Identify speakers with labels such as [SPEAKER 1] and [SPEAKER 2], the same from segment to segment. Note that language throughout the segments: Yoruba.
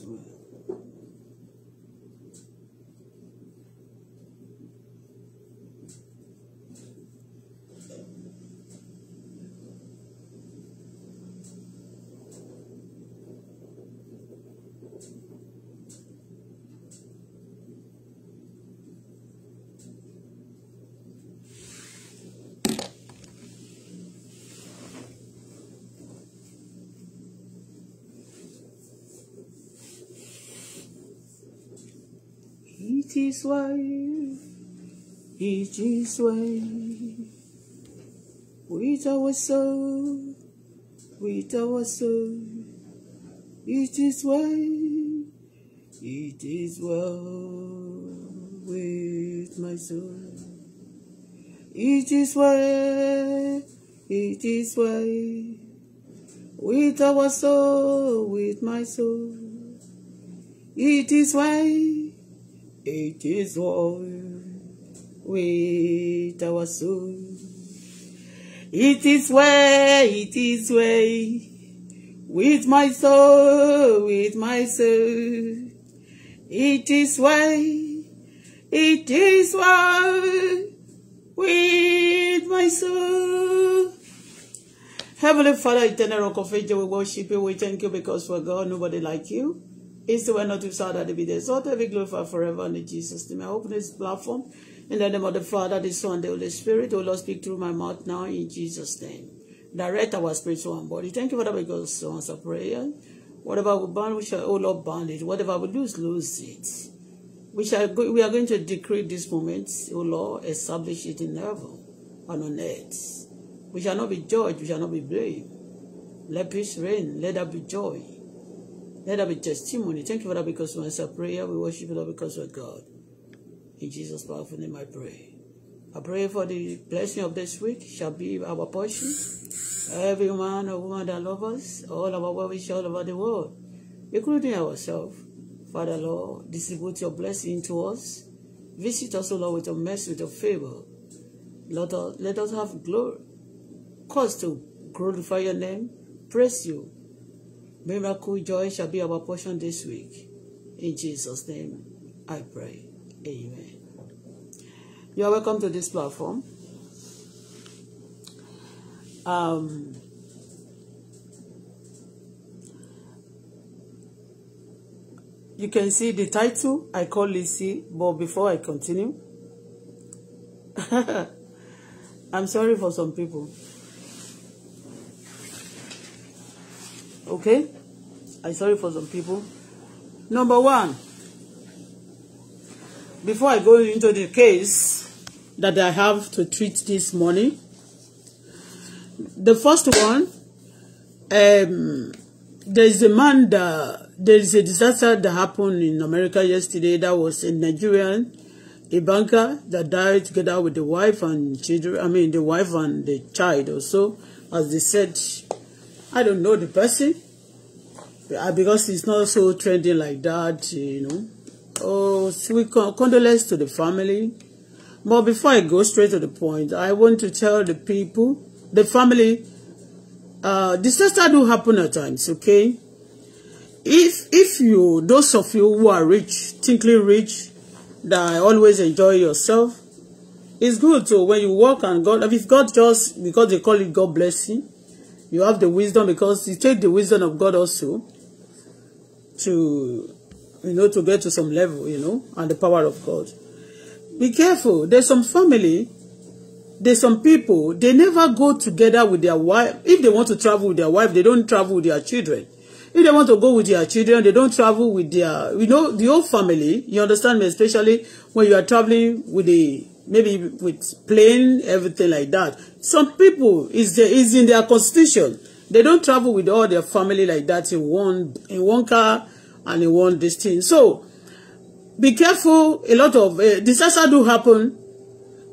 [SPEAKER 1] Absolutely. East, east way, east, east way. With our soul, with our soul. It is way, it is well with my soul. It is way, it is way. With our soul, with my soul. It is way. It is well with our soul. It is way, it is way with my soul, with my soul. It is way, it is well with my soul. Heavenly Father, eternal rock of ages, we worship you. We thank you because for God, nobody like you is the way not to sad that to be there. So to be glorified forever in Jesus' name. I open this platform in the name of the Father, the Son, the Holy Spirit, who oh, Lord speak through my mouth now in Jesus' name. Direct our spiritual and body. Thank you, for that, because so answer prayer. Whatever we bind, we shall, oh Lord, bind it. Whatever we lose, lose it. We shall go, we are going to decree this moment, oh Lord, establish it in heaven and on earth. We shall not be judged, we shall not be blamed. Let peace reign, let there be joy. Let be testimony. Thank you, Father, because you answer prayer. We worship you, Lord, because of are God. In Jesus' powerful name I pray. I pray for the blessing of this week shall be our portion. Every man or woman that loves us, all our well-wishers all over the world, including ourselves. Father, Lord, distribute your blessing to us. Visit us, O Lord, with your mercy, with your favor. Let us, let us have glory. Cause to glorify your name, praise you, Miracle joy shall be our portion this week. In Jesus' name, I pray. Amen. You are welcome to this platform. Um, you can see the title. I call Lucy, but before I continue, I'm sorry for some people.
[SPEAKER 2] Okay? I'm sorry for some people. Number one, before I go into the case that I have to treat this morning, the first one, um, there's a man that, there's a disaster that happened in America yesterday that was a Nigerian, a banker that died together with the wife and children, I mean the wife and the child also, as they said I don't know the person uh, because it's not so trending like that, you know. Oh, so we con condolence to the family. But before I go straight to the point, I want to tell the people, the family, uh, disaster do happen at times, okay? If if you, those of you who are rich, thinkly rich, that always enjoy yourself, it's good to when you work and God, if God just, because they call it God blessing, you have the wisdom because you take the wisdom of God also to, you know, to get to some level, you know, and the power of God. Be careful. There's some family, there's some people, they never go together with their wife. If they want to travel with their wife, they don't travel with their children. If they want to go with their children, they don't travel with their, you know, the whole family. You understand me, especially when you are traveling with the, maybe with plane, everything like that. Some people, is the, is in their constitution. They don't travel with all their family like that in one in one car and in one this thing. So, be careful. A lot of uh, disaster do happen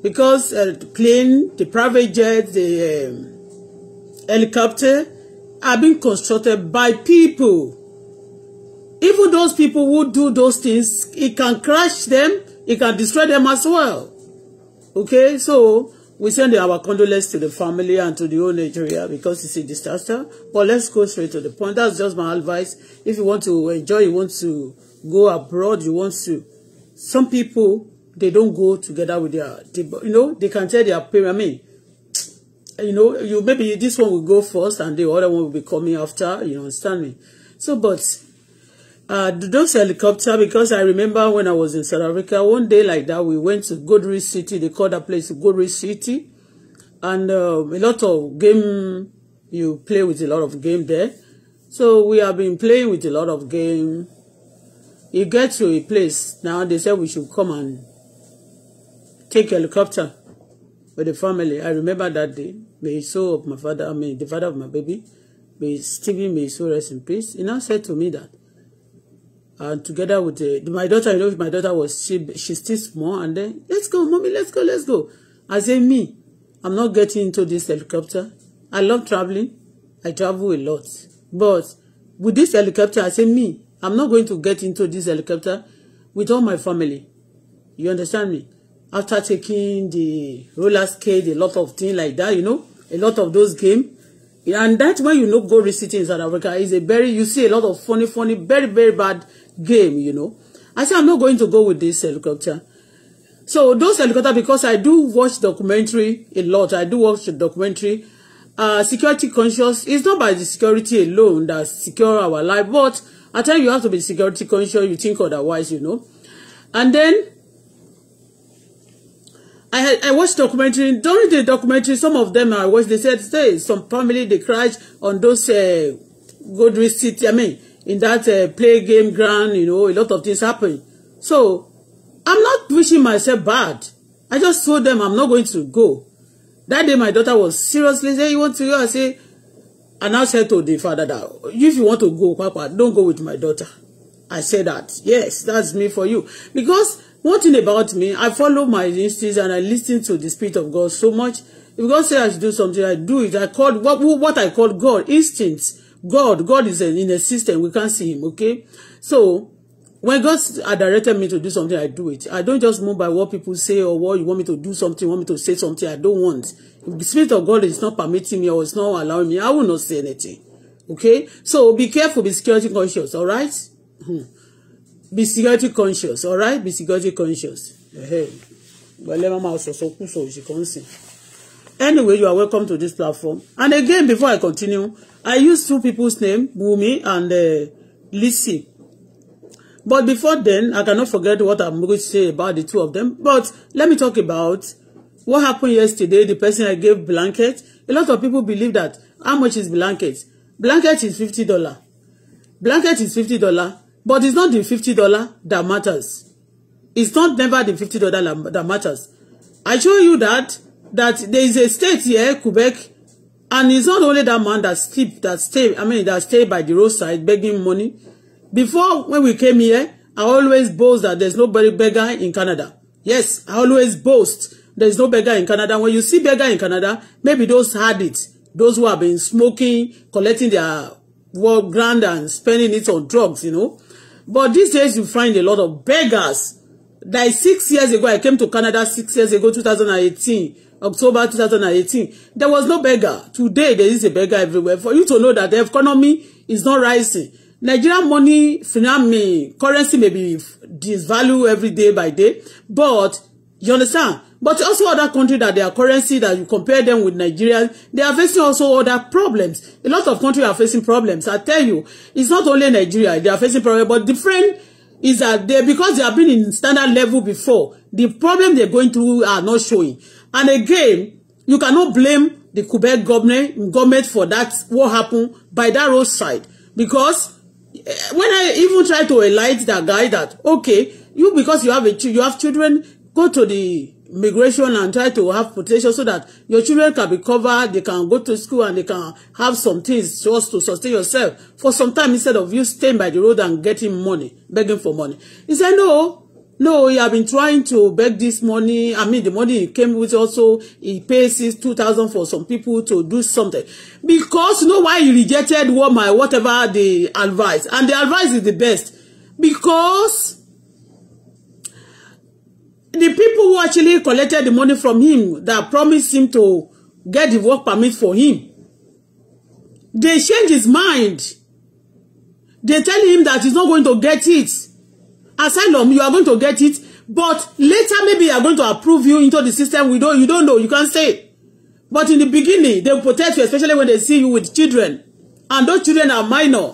[SPEAKER 2] because uh, eh, the plane, the private jet, the um, helicopter are being constructed by people. Even those people who do those things, it can crash them, it can destroy them as well. Okay, so We send our condolences to the family and to the whole Nigeria because it's a disaster. But let's go straight to the point. That's just my advice. If you want to enjoy, you want to go abroad, you want to. Some people, they don't go together with their, they, you know, they can tell their parents, I mean, you know, you maybe this one will go first and the other one will be coming after, you understand me? So, but uh, those helicopter because I remember when I was in South Africa, one day like that, we went to Goodrich City. They call that place Goodrich City. And uh, a lot of game, you play with a lot of game there. So we have been playing with a lot of game. You get to a place, now they said we should come and take helicopter with the family. I remember that day. May so of my father, I mean the father of my baby, may Stevie, may so rest in peace. He now said to me that and together with uh, the, my daughter, you know, my daughter was she she's still small, and then let's go, mommy, let's go, let's go. I say me, I'm not getting into this helicopter. I love traveling. I travel a lot, but with this helicopter, I say me, I'm not going to get into this helicopter with all my family. You understand me? After taking the roller skate, a lot of things like that, you know, a lot of those games. And that's when you know go visiting in South Africa is a very, you see a lot of funny, funny, very, very bad game, you know. I said, I'm not going to go with this helicopter. So those helicopter, because I do watch documentary a lot, I do watch documentary, uh, security conscious, it's not by the security alone that secure our life, but at times you have to be security conscious, you think otherwise, you know. And then I I watched documentary during the documentary. Some of them I watched. They said, say some family they crashed on those uh, Godwin City. I mean, in that uh, play game ground, you know, a lot of things happen. So I'm not wishing myself bad. I just told them I'm not going to go. That day my daughter was seriously say, you want to go? I say, "I now said to the father that if you want to go, Papa, don't go with my daughter. I said that. Yes, that's me for you. Because one thing about me, I follow my instincts and I listen to the Spirit of God so much. If God say I should do something, I do it. I call what, what I call God instincts. God, God is in a system. We can't see him, okay? So when God had directed me to do something, I do it. I don't just move by what people say or what you want me to do something, want me to say something I don't want. If the Spirit of God is not permitting me or is not allowing me, I will not say anything. Okay? So be careful, be security conscious, all right? Hmm. Be security conscious, all right? Be security conscious. Hey. Well, let my mouth so so so she can see. Anyway, you are welcome to this platform. And again, before I continue, I use two people's name, Bumi and uh, Lisi. But before then, I cannot forget what I'm going to say about the two of them. But let me talk about what happened yesterday, the person I gave blanket. A lot of people believe that. How much is blanket? Blanket is fifty dollar. Blanket is fifty dollar. But it's not the fifty dollar that matters. It's not never the fifty dollar that matters. I show you that that there is a state here, Quebec, and it's not only that man that sleep, that stay, I mean, that stay by the roadside begging money. Before, when we came here, I always boast that there's nobody beggar in Canada. Yes, I always boast there's no beggar in Canada. When you see beggar in Canada, maybe those had it. Those who have been smoking, collecting their world grand and spending it on drugs, you know. But these days, you find a lot of beggars. Like six years ago, I came to Canada six years ago, 2018. October 2018, there was no beggar. Today, there is a beggar everywhere. For you to know that the economy is not rising. Nigerian money, finami, currency may be devalued every day by day. But, you understand? But also other countries that their currency that you compare them with Nigeria, they are facing also other problems. A lot of countries are facing problems. I tell you, it's not only Nigeria, they are facing problems, but different is that they because they have been in standard level before, the problem they're going through are not showing. And again, you cannot blame the Quebec government, government for that, what happened by that roadside. Because eh, when I even try to enlighten that guy that, okay, you because you have a you have children, go to the migration and try to have protection so that your children can be covered, they can go to school and they can have some things just to sustain yourself for some time instead of you staying by the road and getting money, begging for money. He said, no, No, he have been trying to beg this money. I mean, the money he came with also, he pays his 2000 for some people to do something. Because you know why he rejected what my, whatever the advice. And the advice is the best. Because the people who actually collected the money from him that promised him to get the work permit for him, they changed his mind. They tell him that he's not going to get it asylum you are going to get it but later maybe you are going to approve you into the system we don't you don't know you can't say but in the beginning they protect you especially when they see you with children and those children are minor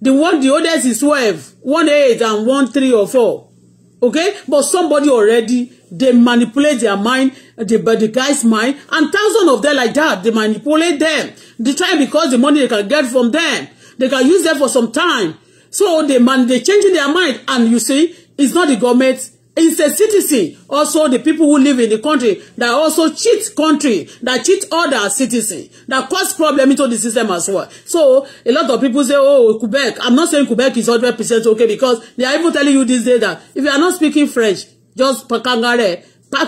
[SPEAKER 2] the one the oldest is 12 one eight and one three or four, okay but somebody already they manipulate their mind the, the guy's mind and thousands of them like that they manipulate them they try because the money they can get from them they can use them for some time So they man they changing their mind, and you see, it's not the government. It's the citizen, also the people who live in the country that also cheat country, that cheat other citizens, that cause problem into the system as well. So a lot of people say, oh, Quebec. I'm not saying Quebec is 100% okay because they are even telling you this day that if you are not speaking French, just pack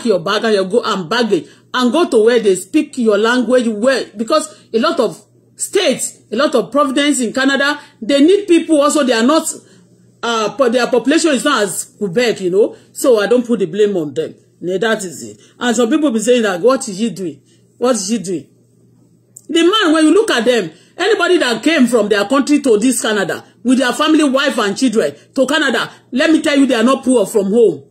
[SPEAKER 2] your bag and your go and baggage and go to where they speak your language well because a lot of states, a lot of Providence in Canada, they need people also. They are not, uh, but their population is not as Quebec, you know. So I don't put the blame on them. Yeah, that is it. And some people be saying that, what is he doing? What is he doing? The man, when you look at them, anybody that came from their country to this Canada, with their family, wife and children, to Canada, let me tell you, they are not poor from home.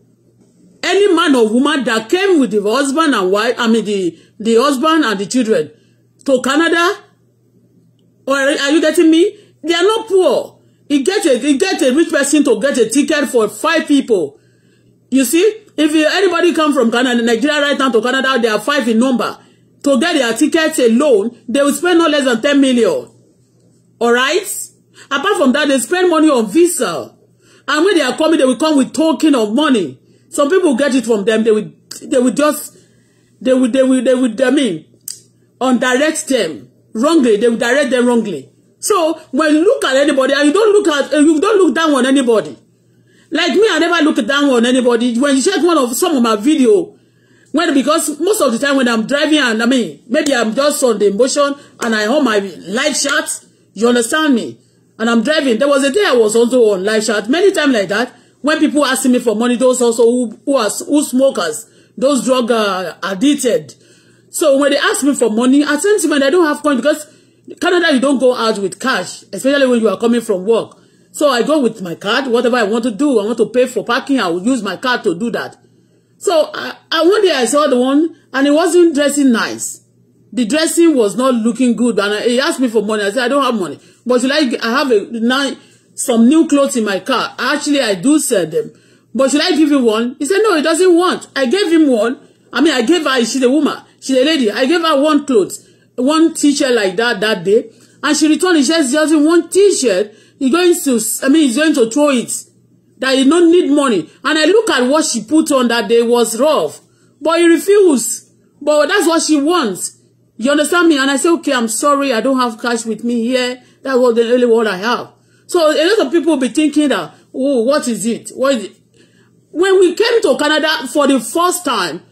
[SPEAKER 2] Any man or woman that came with the husband and wife, I mean the, the husband and the children, to Canada, Or are you getting me? They are not poor. He get a, he get a rich person to get a ticket for five people. You see, if you, anybody come from Canada, Nigeria right now to Canada, they are five in number. To get their tickets alone, they will spend no less than 10 million. All right? Apart from that, they spend money on visa. And when they are coming, they will come with token of money. Some people get it from them. They will, they will just, they will, they will, they will, I mean, on direct them wrongly they will direct them wrongly so when you look at anybody and you don't look at you don't look down on anybody like me I never look down on anybody when you check one of some of my video when because most of the time when I'm driving and I mean maybe I'm just on the emotion and I hold my live chat you understand me and I'm driving there was a day I was also on live chat many times like that when people asking me for money those also who who, are, who smokers those drug uh, addicted So when they ask me for money, I tell them when I don't have coin because Canada you don't go out with cash, especially when you are coming from work. So I go with my card, whatever I want to do, I want to pay for parking, I will use my card to do that. So I, I one day I saw the one and it wasn't dressing nice. The dressing was not looking good and he asked me for money. I said I don't have money, but should I, I have a now some new clothes in my car. Actually, I do sell them, but should I give you one? He said no, he doesn't want. I gave him one. I mean, I gave her. She's a woman. She's a lady. I gave her one clothes, one t-shirt like that that day. And she returned it. She in one t-shirt. He's going to, I mean, he's going to throw it. That he don't need money. And I look at what she put on that day was rough. But he refused. But that's what she wants. You understand me? And I say, okay, I'm sorry. I don't have cash with me here. That was the only what I have. So a lot of people be thinking that, oh, what is it? What is it? When we came to Canada for the first time,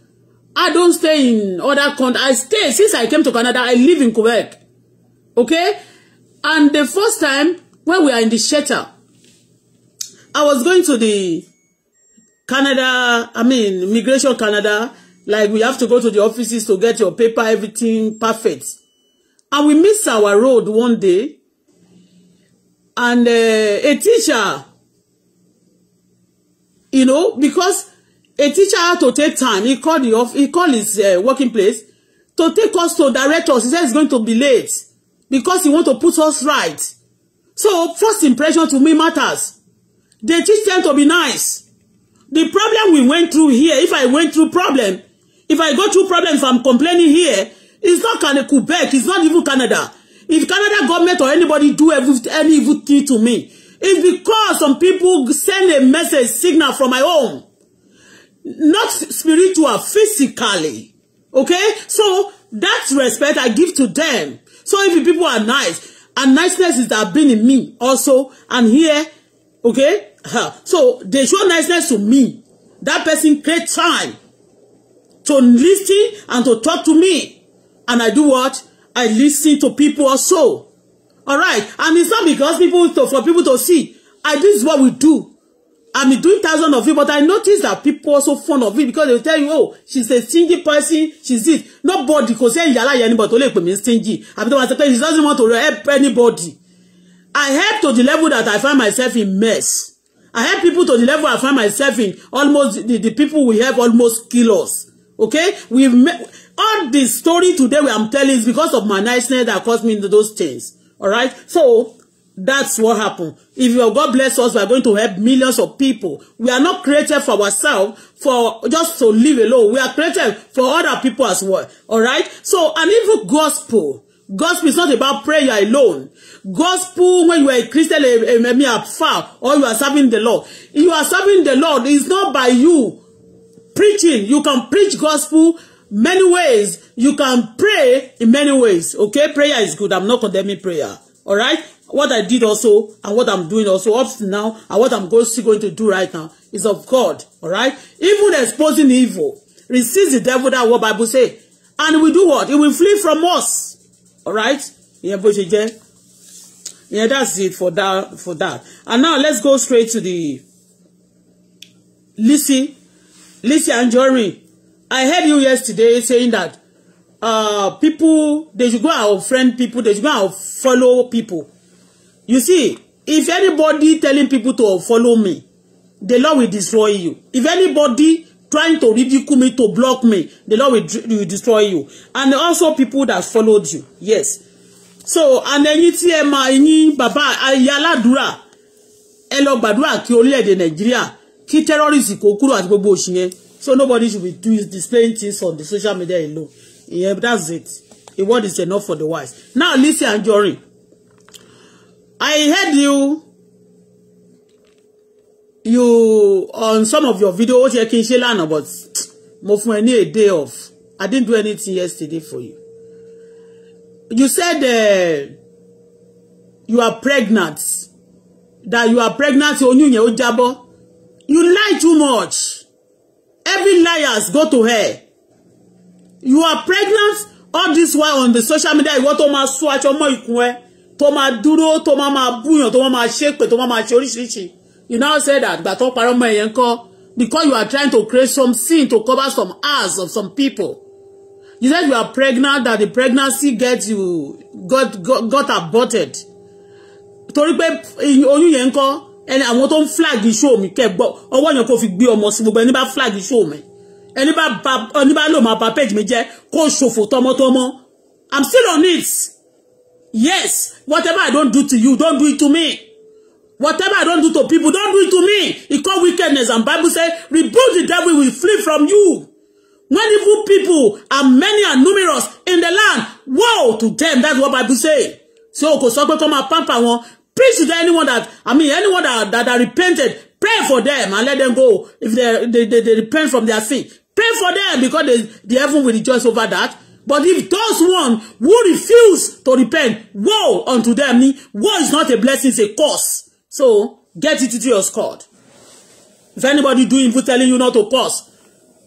[SPEAKER 2] I don't stay in other country. I stay since I came to Canada. I live in Quebec. Okay? And the first time when we are in the shelter, I was going to the Canada, I mean, Immigration Canada, like we have to go to the offices to get your paper, everything perfect. And we miss our road one day. And uh, a teacher, you know, because a teacher had to take time. He called the off, he called his uh, working place to take us to direct us. He said he's going to be late because he want to put us right. So first impression to me matters. They teach them to be nice. The problem we went through here, if I went through problem, if I go through problems, I'm complaining here, it's not Canada, Quebec, it's not even Canada. If Canada government or anybody do every, any evil thing to me, it's because some people send a message signal from my home not spiritual physically okay so that respect I give to them so if people are nice and niceness is that been in me also and here okay so they show niceness to me that person create time to listen and to talk to me and I do what I listen to people also all right and it's not because people to, for people to see I this is what we do I'm doing thousands of it, but I notice that people also fond of it because they tell you, oh, she's a stingy person, she's this. Nobody kò sí ìyá láyé anybody tó lè pè stingy. Àbí tó máa sọ pé she doesn't want to help anybody. I help to the level that I find myself in mess. I help people to the level I find myself in. Almost, the, the people we have almost kill us. Okay? We've met, all the story today we am telling is because of my niceness that caused me into those things. All right? So, That's what happened. If your God bless us, we are going to help millions of people. We are not created for ourselves, for just to live alone. We are created for other people as well. All right? So, an evil gospel. Gospel is not about prayer alone. Gospel, when you are a Christian, a, a, a, a far, or you are serving the Lord. You are serving the Lord. It's not by you preaching. You can preach gospel many ways. You can pray in many ways. Okay? Prayer is good. I'm not condemning prayer. All right? what I did also and what I'm doing also up to now and what I'm going, still going to do right now is of God. All right. Even exposing evil resist the devil. That what Bible say. And we do what? It will flee from us. All right. Yeah, but Yeah, that's it for that. For that. And now let's go straight to the Lissy, Lissy and Anjorin. I heard you yesterday saying that uh people they should go out friend people they should go out follow people You see, if anybody telling people to follow me, the Lord will destroy you. If anybody trying to ridicule me, to block me, the Lord will, will destroy you. And also people that followed you. Yes. So, and ẹ̀yin tí ẹ máa yín bàbá ayé aládùúrà ẹ lọ gbàdúrà kí orílẹ̀-èdè Nàìjíríà kí terrorist kó kúrò àti gbogbo òṣì So nobody should be displaying things on the social media alone. Yeah, that's it. The word is enough for the wise. Now, and Anjorin. I heard you you on some of your videos. ó ti yẹ kí n ṣe lánàá but mo a day off I didn't do anything yesterday for you you said uh, you are pregnant that you are pregnant you lie too much every liars go to hell you are pregnant all this while on the social media ìwọ tó máa sún aṣọ mọ́ ikùn tó máa dúró tó máa máa búyàn tó máa máa ṣépè tó máa máa ṣe oríṣiríṣi you now say that gbà tó parọ́ mọ́ ẹ̀yẹn kọ́ because you are trying to create some sin to cover some ass of some people you said you are pregnant that the pregnancy get you got got, got aborted torí pé oyún yẹn ń kọ́ ẹni àwọn tó ń flag show mi kẹ́ gbọ́ ọwọ́ yẹn kò fi gbé ọmọ sí gbogbo ẹni bá flag show mi ẹni bá lò máa ba page mi jẹ́ kó ṣòfò tọmọtọmọ i'm still on it. Yes, whatever I don't do to you, don't do it to me. Whatever I don't do to people, don't do it to me. It's called wickedness. And Bible says, rebuke the devil will flee from you. When evil people are many and numerous in the land, woe to them. That's what Bible say. So, kò sọ Preach to anyone that, I mean, anyone that, that, that repented, pray for them and let them go. If they, they, they, they repent from their sin, pray for them because they, the heaven will rejoice over that. But if those one who refuse to repent, woe unto them. Woe is not a blessing, it's a curse. So get it to your squad. If anybody doing evil telling you not to curse,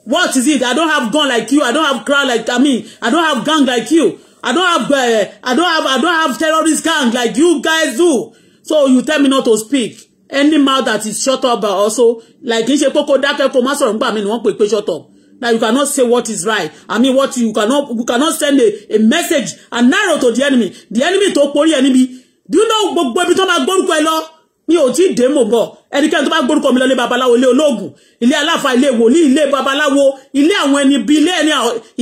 [SPEAKER 2] what is it? I don't have gun like you. I don't have crowd like I mean. I don't have gang like you. I don't have uh, I don't have I don't have terrorist gang like you guys do. So you tell me not to speak. Any mouth that is shut up also like in í ṣe kókó dákẹ́ kó má sọ̀rọ̀ nígbà mi ni wọ́n shut up that you cannot say what is right i mean what you cannot you cannot send a, a message an arrow to the enemy the enemy tó porí ẹni bí do you know gbogbo ibi tó máa gbórúkọ ẹ lọ mi ò tí dé mò ń bọ̀ ẹnikẹ́ni tó bá gbórúkọ mi lọ ilé babaláwo ilé olóògùn ilé aláfa ilé wòlíì ilé babaláwo ilé àwọn ẹni bí ilé ẹni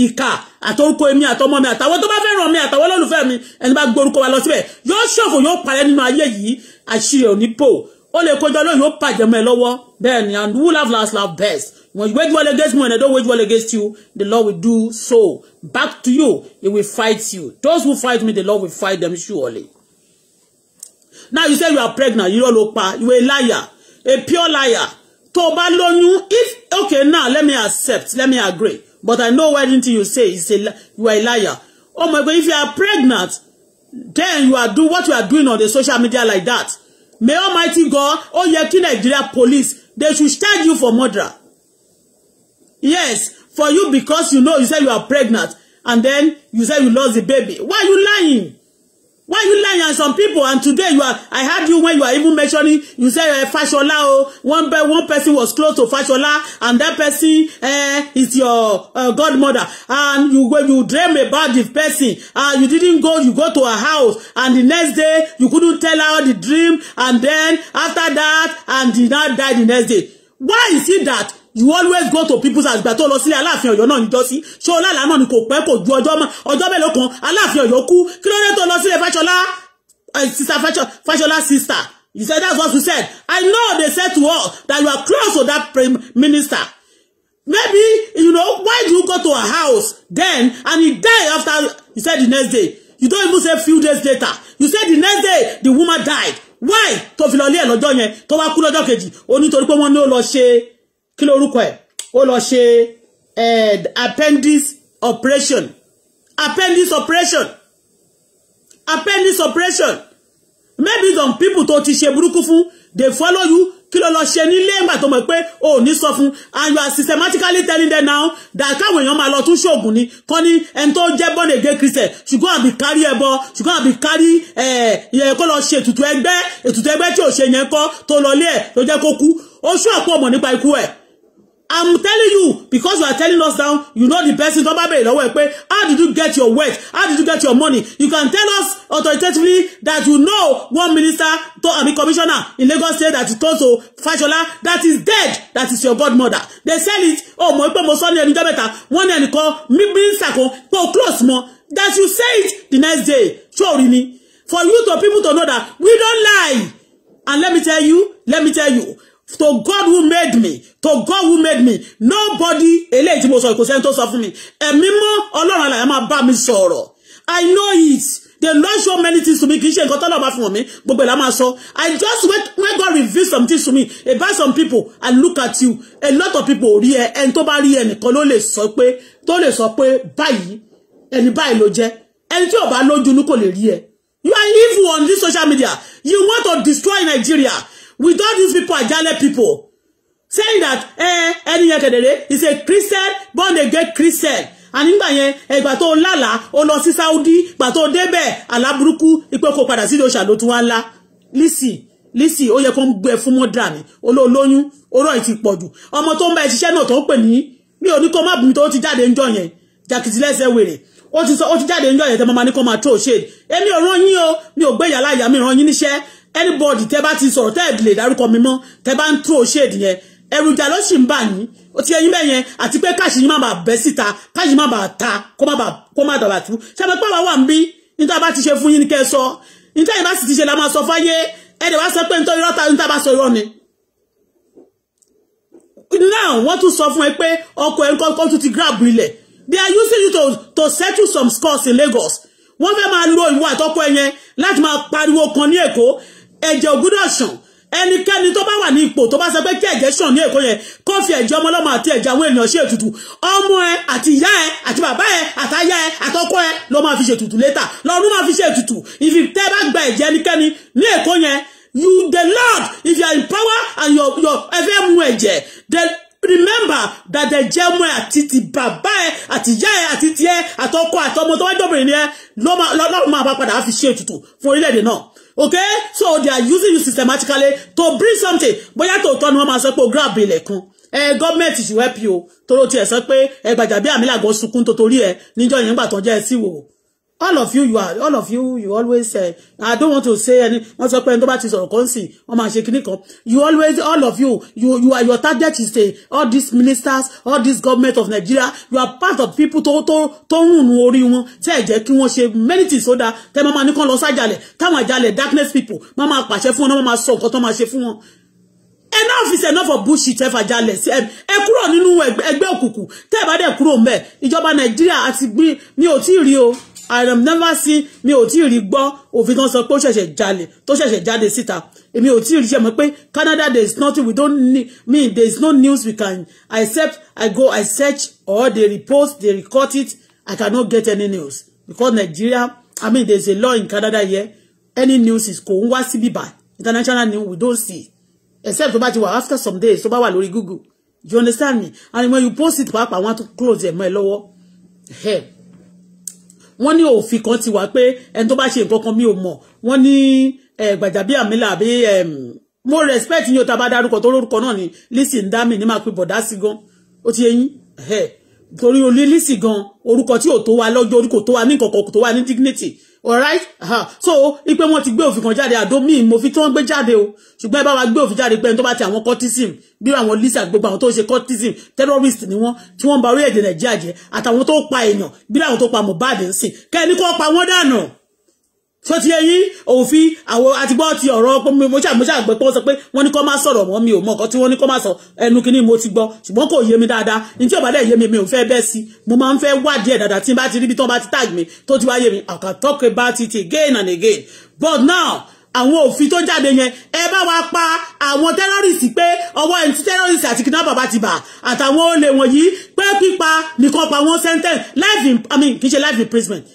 [SPEAKER 2] ìkà àtorúkọ èmi àtọmọ mi àtàwọn tó bá fẹ́ràn mi àtàwọn olólùfẹ́ mi ẹni bá gbórúkọ wa lọ síbẹ̀ yóò ṣòfò yóò parẹ́ nínú ayé yìí àṣírí ni po ó lè kójọ lóyún ó bàjẹ́ mọ́ ẹ lọ́wọ́ bẹ́ẹ̀ and who laugh last love best when you wage war against me and I don't wage war against you the Lord will do so back to you he will fight you those who fight me the Lord will fight them surely now you say you are pregnant You ló pa you a liar a pure liar tó o bá if okay now let me accept let me agree but I know everything you say is you are a liar oh my God if you are pregnant then you are do what you are doing on the social media like that may almighty god ó yẹ kí nigeria police they should charge you for murder yes for you because you know you say you are pregnant and then you say you lost the baby why you lying Why you lying on some people? And today you are, I heard you when you are even mentioning, you say, uh, Fashola, oh, one, pe one person was close to Fashola, and that person uh, is your uh, godmother. And you when you dream about this person, uh, you didn't go, you go to her house, and the next day, you couldn't tell her the dream, and then after that, and did not die the next day. Why is it that you always go to people's house ìgbà tó lọ sílé aláàfin Ọ̀yọ́ náà níjọ́ sí ṣé ọlọ́lá náà ni kò pẹ́ kò ju ọjọ́ ọjọ́ mélòó kan aláàfin Ọ̀yọ́ kú kí ló dé tó lọ sílé Fáṣọlá eh, sister Fáṣọlá sister you said that's what you said I know they said to her that you are close to that prime minister maybe you know why do you go to her house then and he die after you said the next day you don't even say few days later you said the next day the woman died why tó ẹ lọ́jọ́ yẹn tó wá kú lọ́jọ́ kejì ó pé wọ́n ní ó lọ ṣe kí lorúkọ ẹ̀ ó lọ ṣe appendix operation appendix operation appendix operation maybe some people tó ti ṣe burúkú fún they follow you kí ló lọ ṣe nílé ìgbà tó mọ̀ pé o ò ní sọ fún and you are systematically telling them now that káwọn èèyàn máa lọ tún ṣoògùn ni kọ́ ni ẹni tó jẹ́ born again christian ṣùgbọ́n àbí kárí ẹbọ ṣùgbọ́n àbí kárí ẹ̀ kó lọ ṣe ètùtù ẹgbẹ́ ètùtù ẹgbẹ́ tí ò ṣe yẹn kọ́ tó lọ lé ẹ̀ tó jẹ́ kó kú oṣù àpò ọmọ nípa ikú ẹ̀ I'm telling you because you are telling us down you know the person tó bá bẹ̀rẹ̀ lọ́wọ́ how did you get your wealth how did you get your money you can tell us authoritatively that you know one minister to I mean commissioner in Lagos state that is close to Fashola that is dead that is your godmother they sell it oh mo pé mo sọ ní ẹni jẹ́ mẹ́ta wọ́n ní ẹnìkan minister kan close more that you say it the next day sórí ni for you to people to know that we don't lie and let me tell you let me tell you to God who made me to God who made me nobody eléyìí tí mo sọ kò sẹ́ni tó sọ fún mi ẹ̀mí mọ́ ọlọ́run àlàyé máa bá mi sọ̀rọ̀ I know it the Lord show many things to me kì í ṣe nǹkan tọ́lọ̀ bá fún wọn mi gbogbo ìlà máa sọ I just wait when God reveal some things to me about some people I look at you a lot of people rí ẹ ẹni tó bá rí ẹ nìkan ló lè sọ pé tó lè sọ pé báyìí ẹni báyìí ló jẹ́ ẹni tí ò lójú inú kò lè rí ẹ you are evil on this social media you want to destroy Nigeria with all these people Ajale people saying that eh any yẹn kedere is a Christian born again Christian and nígbà yẹn ẹgbà tó lálàá ó lọ sí Saudi gbà tó débẹ̀ aláburúkú ipò kò padà sílé òṣà ló tún wá ńlá lisi lisi ó yẹ kó ń gbé fún mọ́dà ni olóolóyún oró ẹ̀ ti pọ̀ jù ọmọ tó ń bá ẹ ṣiṣẹ́ náà tó ń pè ní mi ò ní kó má bùnmi tó ti jáde ńjọ́ yẹn jàkìtì lẹ́sẹ̀ wèrè ó ti sọ ó ti jáde ńjọ́ yẹn tẹ́ mọ́ ma ní kó máa tó ṣe èmi ò rán o mi ò gbé yàrá ìyá mi rán yín níṣẹ́ anybody tẹ́ bá ti sọ̀rọ̀ tẹ́ lè dárúkọ mi mọ́ tẹ́ bá ń tú òṣèdì yẹn èròjà ló sì ń bà yín ó ti ẹyin bẹ́yẹn àti pé káṣí yín má bàa bẹ́ síta káṣí má bàa ta kó má bàa kó má dàbà tú ṣàbẹ̀ pé àwa wà ń bí níta bá ti ṣe fún yín ní kẹ́ ẹ sọ níta yìí bá sì ti ṣe la máa sọ fáyé ẹ̀dẹ̀ wá sọ pé nítorí rọ́ta níta bá sọ irọ́ ni now wọ́n tún sọ fún ẹ pé ọkọ̀ ẹ̀ kọ́kọ́ tún ti grab ilẹ̀ they are using you to to settle some scores in Lagos wọ́n fẹ́ máa lo ìwọ àtọ́kọ ẹ yẹn láti máa pariwo kan ní Èkó ẹ̀jẹ̀ ògúdọ̀ ṣàn ẹnikẹ́ni tó bá wà ní ipò tó bá sọ pé kí ẹ̀jẹ̀ ṣàn ní èkó yẹn kó fi ẹ̀jẹ̀ ọmọ ọlọ́mọ àti ẹ̀jẹ̀ àwọn èèyàn ṣe ètùtù ọmọ ẹ àti ìyá ẹ àti bàbá ẹ àtayá ẹ àtọkọ ẹ ló máa fi ṣe ètùtù létà lọ́run máa fi ṣe ètùtù ìfi tẹ́ bá gba ẹ̀jẹ̀ ẹnikẹ́ni ní èkó yẹn you the lord if you are in power and your your ẹ fẹ́ mu ẹ̀jẹ̀ then remember that the jẹmọ àti ti bàbá ẹ àti ìyá ẹ àti tiẹ àtọkọ àtọmọ tó wájú obìnrin ni ẹ lọ́run máa bá padà á fi ṣe ètùtù fún orílẹ̀ okay so they are using you systematically to bring something bóyá tòótọ́ ni wọ́n máa sọ pé o grab ilẹ̀ kan ẹ help you. To o tóró tiẹ̀ sọ pé ẹ gbàjàbí àmì làgọ́ go tó torí ẹ níjọ́ yẹn gbà tán jẹ́ ẹ sí wò all of you you are all of you you always say i don't want to say any wọ́n sọ pé ẹni tó bá ti sọ̀rọ̀ kan sí wọ́n máa ṣe kinní kan you always all of you you you are your target is say all these ministers all this government of nigeria you are part of people tó tó tó ń rùn orí wọn tí ẹ jẹ́ kí wọ́n many things so that tẹ máa ní kán lọ sájàlẹ̀ táwọn àjàlẹ̀ darkness people máa máa pàṣẹ fún wọn náà máa sọ nǹkan tó máa ṣe fún wọn enough is enough of bullshit ẹ fàjálẹ̀ sí ẹ kúrò nínú ẹgbẹ́ òkùnkùn tẹ́ ẹ bá dẹ̀ kúrò ńbẹ̀ ìjọba nàìjíríà gbin ni ò tí ì o. I am never seen mi ò tí ì rí gbọ́ òfin kan sọ pé ó ṣẹ̀ṣẹ̀ jalè tó ṣẹ̀ṣẹ̀ jáde síta èmi ò tí ì rí ṣe mọ̀ pé Canada there is nothing we don't need mean there is no news we can except I go I search or they repost they record it I cannot get any news because Nigeria I mean there is a law in Canada here any news is kò ń wá síbí bá international news we don't see except tó bá ti wà after some days tó bá wà lórí Google you understand me and when you post it pàápàá I want to close ẹ̀ mọ́ ẹ lọ́wọ́ wọ́n ní òfin kan ti wà pé ẹni tó bá ṣe nǹkan kan mi ò mọ̀ wọ́n ní Gbàjàbíàmílà àbí mo respect yín o tá a bá dárúkọ tó lórúkọ náà ni Lizzy ń dá mi ní máa pe bọ̀dá sí gan ó ti yé yín torí olú Lizzy gan orúkọ tí ò tó wa lọ́jọ́ orí kò tó wa ní nǹkan kan tó wa ní dignity alright uh-huh. so ipe wọn ti gbé òfin kan jáde àdó míì mo fi tí wọn gbé jáde o ṣùgbọ́n ẹ bá wa gbé òfin jáde pé ẹni tó bá ti àwọn cultism bí àwọn lisa gbogbo àwọn tó ń ṣe cultism terrorist ni wọn tí wọn bà orílẹ̀-èdè nàìjíríà jẹ́ àtàwọn tó pa èèyàn bí àwọn tó pa bad ń sìn kẹ́ni kó pa wọ́n dànù tí ó ti yẹ yín òfin àwọn àtìgbọ́ ti ọ̀rọ̀ pé mo ṣàmú ṣàgbẹ́ pé wọ́n sọ pé wọ́n ní kó má sọ̀rọ̀ mọ́ mi ò mọ̀ nǹkan tí wọ́n ní kó má sọ ẹnu kínní mo ti gbọ́ ṣùgbọ́n kò yé mi dáadáa ní tí ọ̀bàdà yé mi mi ò fẹ́ bẹ́ẹ̀ sí mo máa ń fẹ́ wádìí ẹ̀ dáadáa tí n bá ti rí bí tí wọ́n bá ti tag mi tó ti wá yé mi I can talk about it again and again but now àwọn òfin tó jáde yẹn ẹ bá wa pa àwọn tẹ́rọ́rìsì pé ọwọ́ ẹni tí tẹ́rọ́rìsì àti kidnapper bá ti bà àtàwọn olè wọ̀nyí pé pípa nìkan pa wọ́n sentence life in i mean kì í ṣe life imprisonment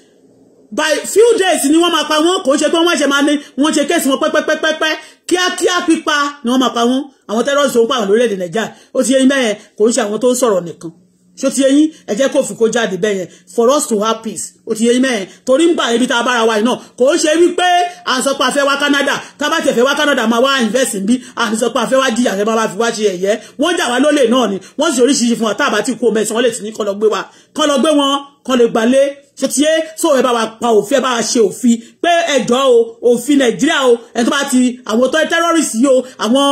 [SPEAKER 2] by few days ni wọ́n máa pa wọ́n kò ń ṣe pé wọ́n ṣe máa ní wọ́n ṣe kéèsì wọn pẹ́pẹ́pẹ́pẹ́ kíákíá pípa ni wọ́n máa pa wọ́n àwọn terrorist òun pààrọ̀ lórílẹ̀‐èdè nàìjíríà ó ti yẹ yín bẹ́yẹn kò ń ṣe àwọn tó ń sọ̀rọ̀ nìkan ṣó ti yẹ yín ẹ jẹ́ kó fi kó jáde bẹ́yẹn for us to have peace ó ti yẹ yín bẹ́yẹn torí ń gbà ibi tá a bára wa yìí náà kò ń ṣe wípé à ń sọ pé a fẹ́ wá Canada tá a bá tẹ̀ fẹ́ wá Canada máa wá invest bí à ń sọ pé a fẹ́ wá jìyà fẹ́ bá bá fi wá ṣe ẹ̀yẹ wọ́n jà wá lólè náà ni wọ́n sì oríṣiríṣi fún wa tá a bá ti kó mẹ́sàn-án wọ́n lè ti ní kọ́ lọ gbé wa kọ́ lọ gbé wọn kan le gbalé ṣe tiye so ẹ bá wa pa òfin ẹ bá wa ṣe òfin pé ẹjọ́ o òfin nàìjíríà o ẹ tó bá ti àwọn tó tẹ́rọ́rìsì o àwọn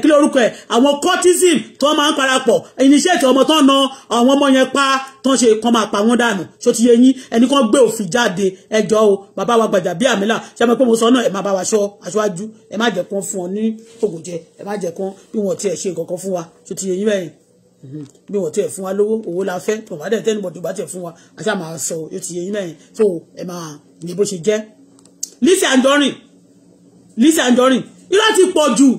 [SPEAKER 2] kí ló orúkọ ẹ àwọn cortism tó máa ń parapọ̀ iníṣẹ́ tí ọmọ tó ń na àwọn ọmọ yẹn pa tó ń ṣe kan máa pa wọ́n dànù ṣe tiye yín ẹni kan gbé òfin jáde ẹjọ́ o bàbá wa gbàjà bí àmìlà ṣe mọ̀ pé mo sọ náà ẹ máa bá wa ṣọ́ aṣáájú ẹ má jẹ́ kán fún ọ ní ògùnjẹ ẹ má jẹ́ kán bí wọn tiẹ̀ ṣe nǹkan kan fún wa ṣe tiye yín bẹ́yìn bí wọ́n tiẹ̀ fún wa lówó owó la fẹ́ tó bá dẹ̀ tẹ́lẹ̀ bọ̀dù bá tiẹ̀ fún wa àti àmà sọ yóò ti yẹ yín lẹ́yìn tó ẹ máa ní bó ṣe jẹ́ Lizzy Anjorin Lizzy Anjorin irọ́ ti pọ̀ jù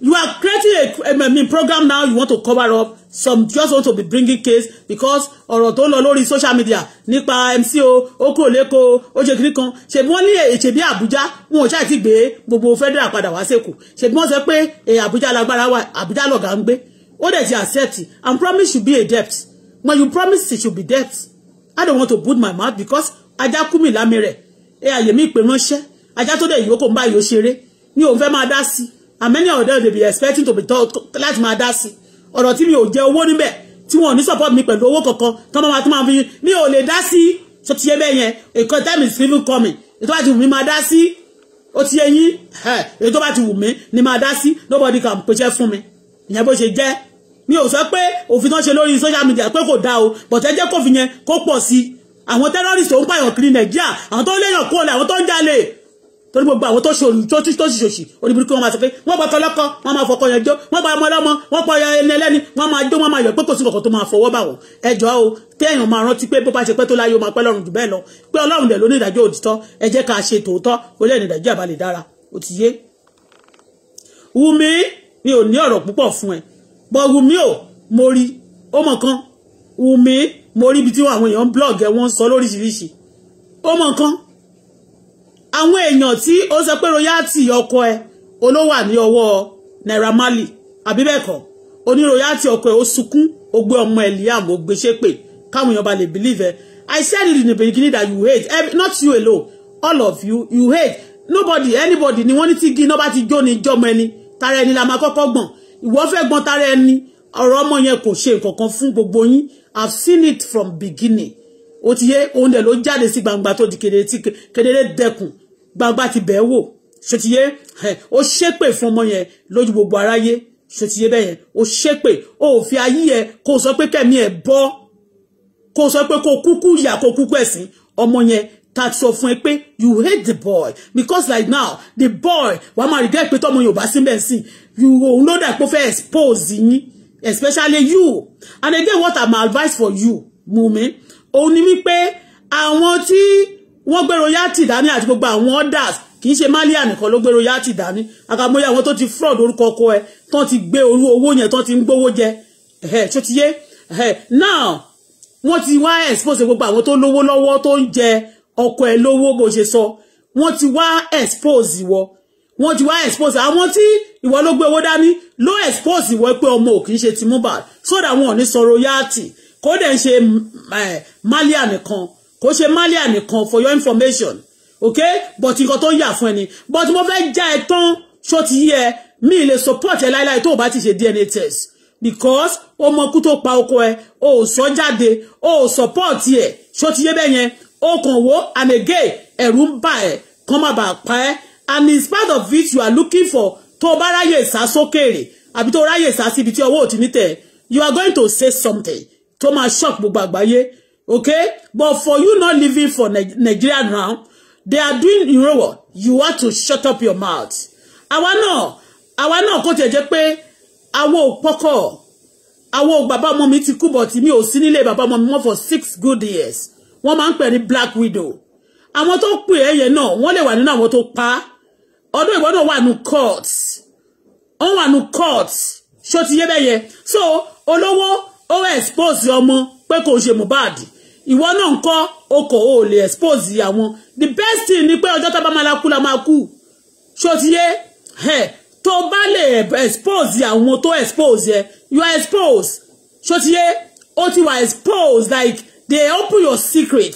[SPEAKER 2] you are creating a, a, a program now you want to cover up some just want to be bringing case because ọ̀rọ̀ tó ń lọ lórí social media nípa mc o Okoleko kúrò lẹ́kọ̀ọ́ ó ṣe kiri kan ṣèbí wọ́n ní ìṣèbí àbújá wọn ò ṣáà ti gbé gbogbo federal padà wá sẹ́kù ṣèbí wọ́n sọ pé àbújá lágbára wà àbújá lọ̀gá ń gbé What does you accept it and promise you be a debt when you promise it should be debt I don't want to put my mouth because I just come lámì rẹ̀ ẹ àyè mi pè ránṣẹ́ ajá tó dẹ̀ ìyókò ń bá yóò ṣeré ní òun fẹ́ máa and many of them dey be expecting to be taught like máa dá sí ọ̀rọ̀ tí mi ò jẹ owó níbẹ̀ tí wọn support me pẹ̀lú you walk tán Come on, máa fi mi ò lè dá sí tó ti yẹ bẹ́ẹ̀ yẹn èkó time is even coming ètò àti wùmí máa dá sí ó ti yẹ yín ètò àti wùmí be máa dá sí nobody can project for me. ìyẹn bó ṣe jẹ́ mi ò sọ pé òfin náà ṣe lórí social media pé kò dáa o but ẹ jẹ́ kófin yẹn kó pọ̀ sí àwọn terrorist tó ń pààyàn kiri nàìjíríà àwọn tó ń léèyàn kó lẹ̀ àwọn tó ń jalè torí gbogbo àwọn tó ṣòlù tó tí tó sì ṣòṣì oníburúkú wọn máa sọ pé wọn bá tọlọkọ wọn máa fọkọ yẹn jó wọn bá ọmọ ọlọmọ wọn pa ẹni ẹlẹni wọn máa jó wọn máa yọ pé kò sí kọkàn tó máa fọwọ́ bà wọ́n ẹjọ́ o téèyàn máa rántí pé bó bá ṣe pẹ́ tó láyé o máa pẹ́ lọ́run jù bẹ́ẹ̀ lọ pé ọlọ́run dẹ̀ ló ní ìdájọ́ òtítọ́ ẹ jẹ́ ká ṣe tòótọ́ kó lẹ́yìn ìdájọ́ àbálẹ̀ dára òtíyé Wùmí mi ò ní ọ̀rọ̀ púpọ̀ fún ẹ but Wùmí o mo rí ó mọ̀ kan Wùmí mo rí ibi tí àwọn èèyàn blog ẹ̀ wọ́n sọ lóríṣiríṣi ó kan àwọn èèyàn tí ó sọ pé royalty ọkọ ẹ olówà ní ọwọ́ Naira Marley àbí bẹ́ẹ̀ kọ́ oní royalty ọkọ ẹ ó sunkún ó gbé ọmọ ẹ̀ Liam ó gbé ṣépè káwọn èèyàn bá lè believe ẹ I said it in the beginning that you hate Every, not you alone all of you you hate nobody anybody ni wọ́n ní tí igi iná bá ti jó ni jọmọ ẹni tara ẹni la máa kọ́kọ́ gbọ̀n ìwọ fẹ́ gbọ́n tara ẹni ọ̀rọ̀ ọmọ yẹn kò ṣe nǹkankan fún gbogbo yín i've seen it from beginning ó ti yé òun dẹ̀ ló jáde sí gbangba tó di kedere tí kedere dẹkùn gbangba ti bẹ̀ wò ṣe ti yé ó ṣépè fún ọmọ yẹn lójú gbogbo aráyé ṣe ti yé bẹ́yẹn ó ṣépè ó fi ayé ẹ kó sọ pé kẹ́mi ẹ̀ bọ́ kó sọ pé kó kúkú yà kó kúkú ẹ̀sìn ọmọ yẹn ta sọ fún ẹ pé you hate the boy because like now the boy wà á máa regret pé tọmọ yorùbá sí bẹ́ẹ̀ sìn you will know that pé ó expose yín especially you and again what I'm advice for you only me pay. I want to wọ́n gbé royalty dání àti gbogbo àwọn others kì í ṣe malia nìkan ló gbé royalty dání àkàmọye àwọn to ti fraud orúkọ ọkọ ẹ tán ti gbé orú owó yẹn tán ti ń gbówó jẹ ẹ tó ti yé ẹ now wọ́n ti wá expose gbogbo àwọn tó lówó lọ́wọ́ tó ń jẹ ọkọ ẹ lówó bó ṣe sọ wọ́n ti wá expose wọ wọ́n ti wá expose àwọn tí ìwọ ló gbé owó dání ló expose ìwọ pé ọmọ ò kì í ṣe ti Mohbad sódà wọn ò ní sọ royalty kó dẹ̀ ń ṣe malia nìkan kó ṣe malia nìkan for your information ok but nǹkan tó yà fún ẹni but mo fẹ́ já ẹ tán ṣó ti yí ẹ mi lè support ẹ láíláí tó o bá ti ṣe DNA test because ó mọ kú tó pa ọkọ ẹ o ò sọ jáde o ò support ẹ ṣó ti yé bẹ́ẹ̀ yẹn o kàn wo and again ẹ̀rù ń bà ẹ̀ kàn má bàa pa ẹ́ and in spite of it you are looking for tó bá ráyè sá sókèrè àbí to ráyè sá síbi tí ọwọ́ ò ti ní tẹ̀ you are going to say something To máa shock gbogbo àgbáyé okay but for you not living for Nigeria now they are doing you know what you want to shut up your mouth àwa náà àwa náà kò tiẹ̀ jẹ́ pé àwọn ò pọ́kọ̀ àwọn ò bàbá ọmọ mi ti kú bọ̀ mi ò sí nílé bàbá ọmọ mi for six good years wọ́n máa ń pè black widow àwọn to pè é yẹn náà wọ́n lè wà nínú àwọn tó pa ọdún ìwọ́n náà wà ní courts wọ́n wà ní court ṣó ti yé bẹ́yẹ so olowo ó expose ọmọ pé kò ṣe Mohbad ìwọ náà ń o okò ó lè expose àwọn the best thing ni pé ọjọ́ tábà máa la kú la máa kú ṣó ti yé ẹ tó bá lè expose àwọn tó expose you are exposed ṣó ti yé ó ti wà exposed like they open your secret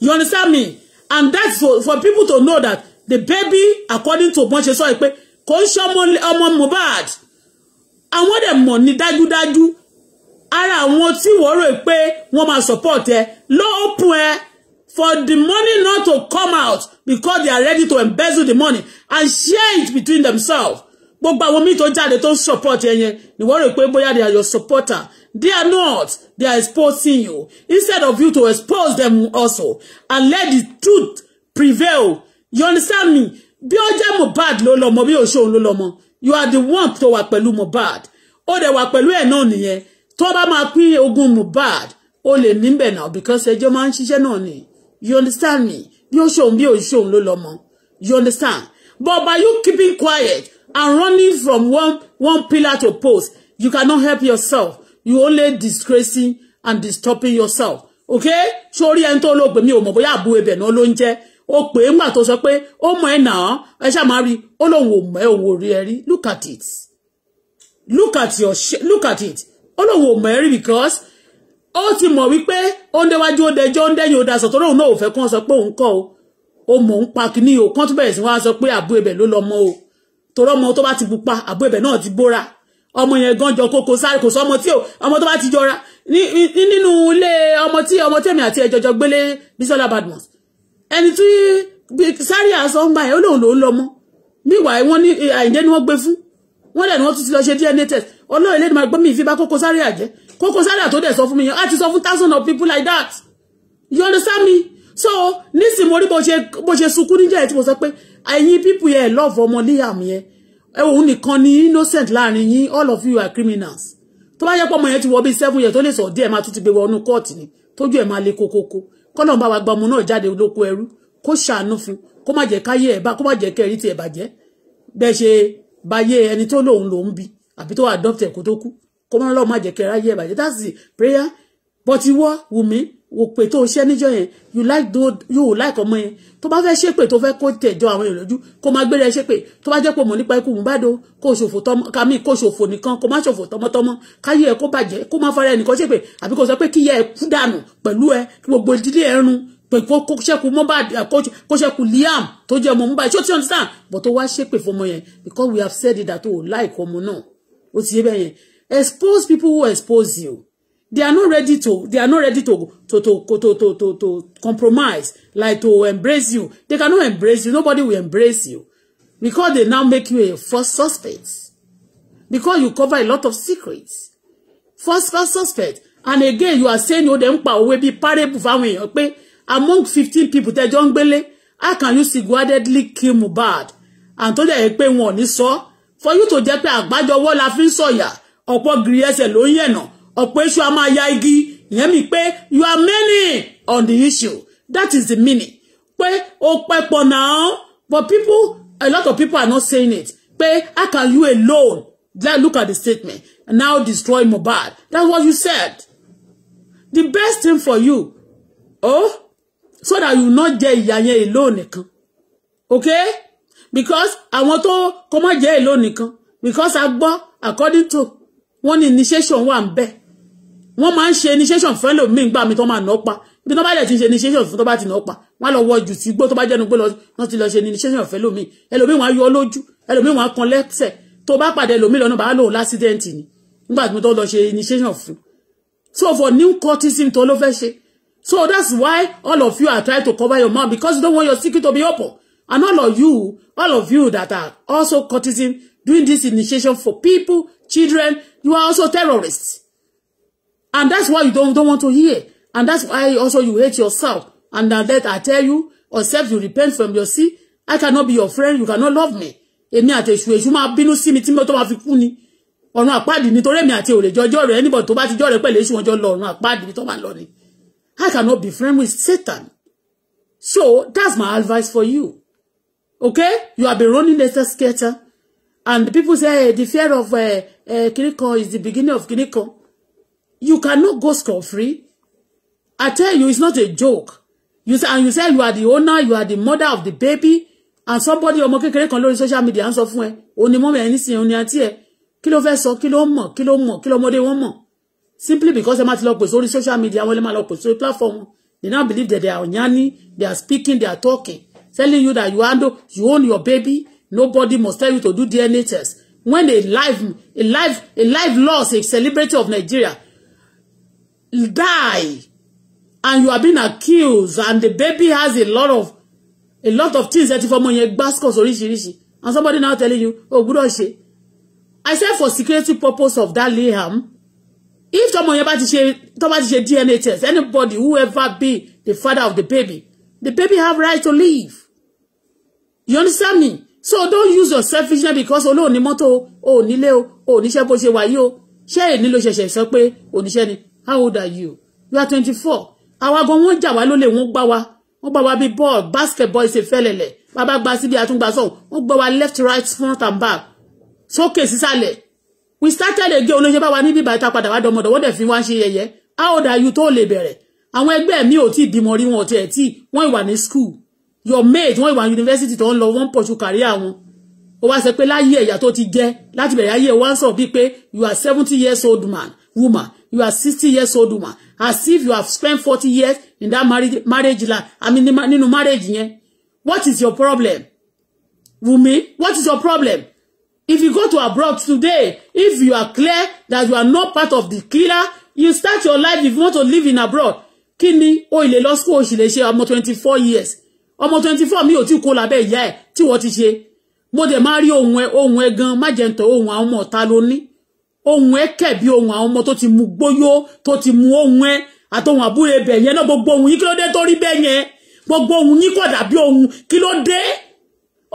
[SPEAKER 2] you understand me and that's for, for people to know that the baby according to bọ́n ṣe sọ ẹ kò ń ṣe ọmọ Mohbad àwọn dẹ̀ mọ̀ ní dájúdájú ara àwọn tí wọ́n rò pé wọ́n máa support ẹ ló open ẹ for the money not to come out because they are ready to embezzle the money and share it between themselves gbogbo àwọn míì tó jáde tó ń support ẹ yẹn ni wọ́n rò pé bóyá they are your supporter they are not they are exposing you instead of you to expose them also and let the truth prevail you understand me bí ó jẹ́ Mohbad ló lọ́mọ bí òṣòun ló lọ́mọ you are the one to tó wà pẹ̀lú Mohbad ó dẹ̀ wà pẹ̀lú ẹ̀ náà nìyẹn tó bá máa pín ogún Mohbad ó lè níbẹ̀ now because ẹjọ́ máa ń ṣiṣẹ́ náà ni you understand me bí òṣòun bí òṣòun ló lọ́mọ you understand but by you keeping quiet and running from one one pillar to post you cannot help yourself you only disgracing and disturbing yourself okay sórí ẹni tó lóògbé mi ò mọ̀ bóyá àbúrò ibẹ̀ náà ló ń ó pè é ńgbà tó sọ pé ó mọ ẹ nà ẹ ṣáà máa rí ó lóun ò mọ ẹ òun ò rí ẹ rí look at it look at your look at it ó lóun ò mọ ẹ rí because ó ti mọ̀ wípé ó ń déwájú ó dẹjọ́ ó ń dẹ́yìn ó daṣọ tó lóun náà ò fẹ́ kán sọ pé òun kọ́ o ó mọ̀ ń pa kíní o kán tó bẹ̀rẹ̀ sí wá sọ pé àbú ibẹ̀ ló lọ́mọ o torí ọmọ tó bá ti pupa àbú ibẹ̀ náà ti bóra ọmọ yẹn gan jọ kókó sáré kò sọ ọmọ tí o ọmọ tó bá ti ni nínú ilé ọmọ tí ọmọ tèmi àti ẹjọjọ gbélé Bísọ́lá Badmus ẹni tí sáré àsọ ń gbà yẹn ó lóun lòún lọ mọ́ níwàá wọn ní àyíndé ni wọ́n gbé fún wọ́n dẹ̀ ni wọ́n tún ti lọ ṣe DNA test ọlọ́run ilé ni màá gbọ́ mi ìfipá Koko Zaria jẹ́ Koko Zaria tó dẹ̀ sọ fún mi yẹn á ti sọ fún thousand of people like that you understand me so nísìnyí mo rí bó ṣe bó ṣe sunkún níjà ẹ̀ tí mo sọ pé ẹ̀yin people yẹn love ọmọ Liam yẹn òun nìkan ni innocent láàrin yín all of you are criminals tó bá yẹ pọ́ ọmọ yẹn ti wọ bíi seven years tó lè sọ díẹ̀ máa tún ti gbé wọnú kóòtù ni tójú ẹ̀ máa le kókókó kọ́nà bá wa gba ọmọ náà jáde lóko ẹrú kó ṣàánú fún kó má jẹ́ káyé ẹ̀ bá kó má jẹ́ kẹ́rí tiẹ̀ bàjẹ́ bẹ́ẹ̀ ṣe báyé ẹni tó lòun lòun bí àbí tó adopt ẹ̀ kó tó kú kó má lọ́ọ́ má jẹ́ kẹ́rí ayé ẹ̀ that's the prayer but ìwọ Wùmí òpè tó ṣe níjọ́ yẹn you like do you like ọmọ yẹn tó bá fẹ́ ṣépè tó fẹ́ kó tẹ̀jọ àwọn èèyàn lójú kó máa gbére ṣépè tó bá jẹ́ pé mọ̀ nípa ikú Mohbad kó ṣòfò tọmọ kàmí kó ṣòfò nìkan kó má ṣòfò tọmọtọmọ káyé ẹ kó bàjẹ́ kó má fara ẹnìkan ṣépè àbí kó sọ pé kíyà ẹ kú dànù pẹ̀lú ẹ kí gbogbo ìdílé ẹ run kó ṣẹ́kù Mohbad kó ṣẹ́kù Liam tó jẹ́ ọmọ Mohbad ṣó ti understand but tó wá ṣépè fọmọ yẹn because we have said it that o like ọmọ náà ó ti yé bẹ́ẹ̀ yẹn expose people who expose you they are not ready to they are not ready to to to to to to, to compromise like to embrace you they cannot embrace you nobody will embrace you because they now make you a first suspect because you cover a lot of secrets first first suspect and again you are saying o de n pa òwe bí parable fáwọn èèyàn pé among fifteen people they don't believe. how can you single-handedly kill Mohbad and tó dẹ̀ pay wọn ò ní for you to jẹ́ pé àgbájọwọ́ la fi ń sọ̀yà ọ̀pọ̀ gírí ẹsẹ̀ ló ń yẹ̀nà ọ̀pọ̀ èṣù a máa ya igi ìyẹn mi pé you are many on the issue that is the meaning pé ó pẹ́pọ̀ náà but people a lot of people are not saying it pé how can you alone like look at the statement and now destroy Mohbad that's what you said the best thing for you oh so that you no jẹ ìyà yẹn alone nìkan okay because àwọn tó kọ́ mọ́ jẹ́ alone, nìkan because a gbọ́ according to one initiation wà ń bẹ́ẹ̀ wọ́n máa ń ṣe initiation fún ẹlòmíín gbà mí tó máa nọ́ pa ibi tó bá dẹ̀ ti ṣe initiation fún tó bá ti nọ́ pa wọ́n á lọ wọ jù tí gbó tó bá jẹ́nu gbé lọ wọ́n ti lọ ṣe initiation fún ẹlòmíín ẹlòmíín wọn á yọ lójú ẹlòmíín wọn á kan lẹ́sẹ̀ tó bá pàdé ẹlòmíín lọ́nà bá lòun lásídẹ́ǹtì ni nígbà tó lọ ṣe initiation fún so for new cultism tó ló fẹ́ ṣe so that's why all of you are trying to cover your mouth because you don't want your secret to be open and all of you all of you that are also cultism doing this initiation for people children you are also terrorists And that's why you don't, don't want to hear. And that's why also you hate yourself. And that I tell you, or except you repent from your sin, I cannot be your friend, you cannot love me. Èmi àti èṣù shuma máa bínú sí mi tí mo tó máa fi kú ni. Ọ̀run àpáàdì nítorí èmi àti òlè jọjọ́ rẹ̀ anybody tó bá ti jọ́ rẹ̀ pẹ̀lú èṣù wọn jọ lọ ọ̀run àpáàdì tó máa lọ ni. I cannot be friend with Satan. So that's my advice for you. Okay? You have been running later skater. And people say hey, the fear of uh, eh, uh, eh, Kiriko is the beginning of Kiriko. You cannot go scot-free. I tell you, it's not a joke. You say, and you say you are the owner, you are the mother of the baby, and somebody or kékeré kan on social media and sọ fún ẹ, òní mọ́mọ́ ẹni sìn òní àti ẹ, kilo ló fẹ́ sọ, kí ló mọ̀, kí ló mọ̀, kí Simply because ẹ máa ti lọ pè sórí social media, wọn lè máa lọ pè sórí platform. They now believe that they are yanni, they are speaking, they are talking, telling you that you handle, you own your baby, nobody must tell you to do DNA test. When a life, a life, a life loss, a celebrity of Nigeria, die and you are being accused and the baby has a lot of a lot of things that ti fọmọ yẹn gbascos oríṣiríṣi and somebody now telling you o gbúdọ̀ ṣe I said for security purpose of that Liam if tọmọ yẹn bá ti ṣe tọ́ bá ti ṣe DNA test anybody whoever be the father of the baby the baby have right to live you understand me so don't use your selfishness because olóòní mọ́tò o oh, ò nílé o ò oh, níṣẹ́ bó ṣe wà yìí o ṣé èyí ló ṣẹ̀ṣẹ̀ sọ pé oníṣẹ́ oh, ni how old are you you are twenty four àwa gan wọ́n jà wá lólè wọ́n gbá wa wọ́n gbá wa bí ball basketball ṣe fẹ́lẹ̀lẹ̀ bàbá gba síbi àtúngbà sọ wọ́n gbá wa left right front and back sókè sísàlẹ̀ we started again olóṣèlú bá wa níbi ìbàtà padà wá dọmọdọ wọ́n dẹ̀ fi wá ṣe yẹ̀yẹ́ how old are you tó lè bẹ̀rẹ̀ àwọn ẹgbẹ́ mi ò tí ì bímọ rí wọn ọ̀tí ẹ̀ tí wọ́n ìwà ní school your mate wọ́n ìwà university tó ń lọ wọ́n pọ̀jù kárí àwọn ó wá sọ pé láyé ẹ̀yà tó ti jẹ́ láti bẹ̀rẹ̀ ayé wọ́n sọ bíi pé you are seventy years old man woman. You are 60 years old woman. As if you have spent 40 years in that marriage, marriage life. I mean, the marriage yeah. What is your problem? Wumi, what is your problem? If you go to abroad today, if you are clear that you are not part of the killer, you start your life if you want to live in abroad. Kí oh, o ilé lọ school o sì lè ṣe ọmọ 24 years. Ọmọ 24 mi ò tí kó lábẹ́ ìyá ẹ̀ tí wọ́n ti ṣe. Mo dẹ̀ máa rí ohun ẹ ohun ẹ gan má jẹ́ ń tọ́ ohun àwọn ọmọ ọ̀tá lóní. ohun ẹ kẹ̀ ohun àwọn ọmọ tó ti mu gbóyó tó ti mu ohun e àtọhun àbúrò ẹbẹ̀ yẹn náà gbogbo ohun yìí kilode ló be tó gbogbo ohun yìí kọ̀ dàbí ohun kilode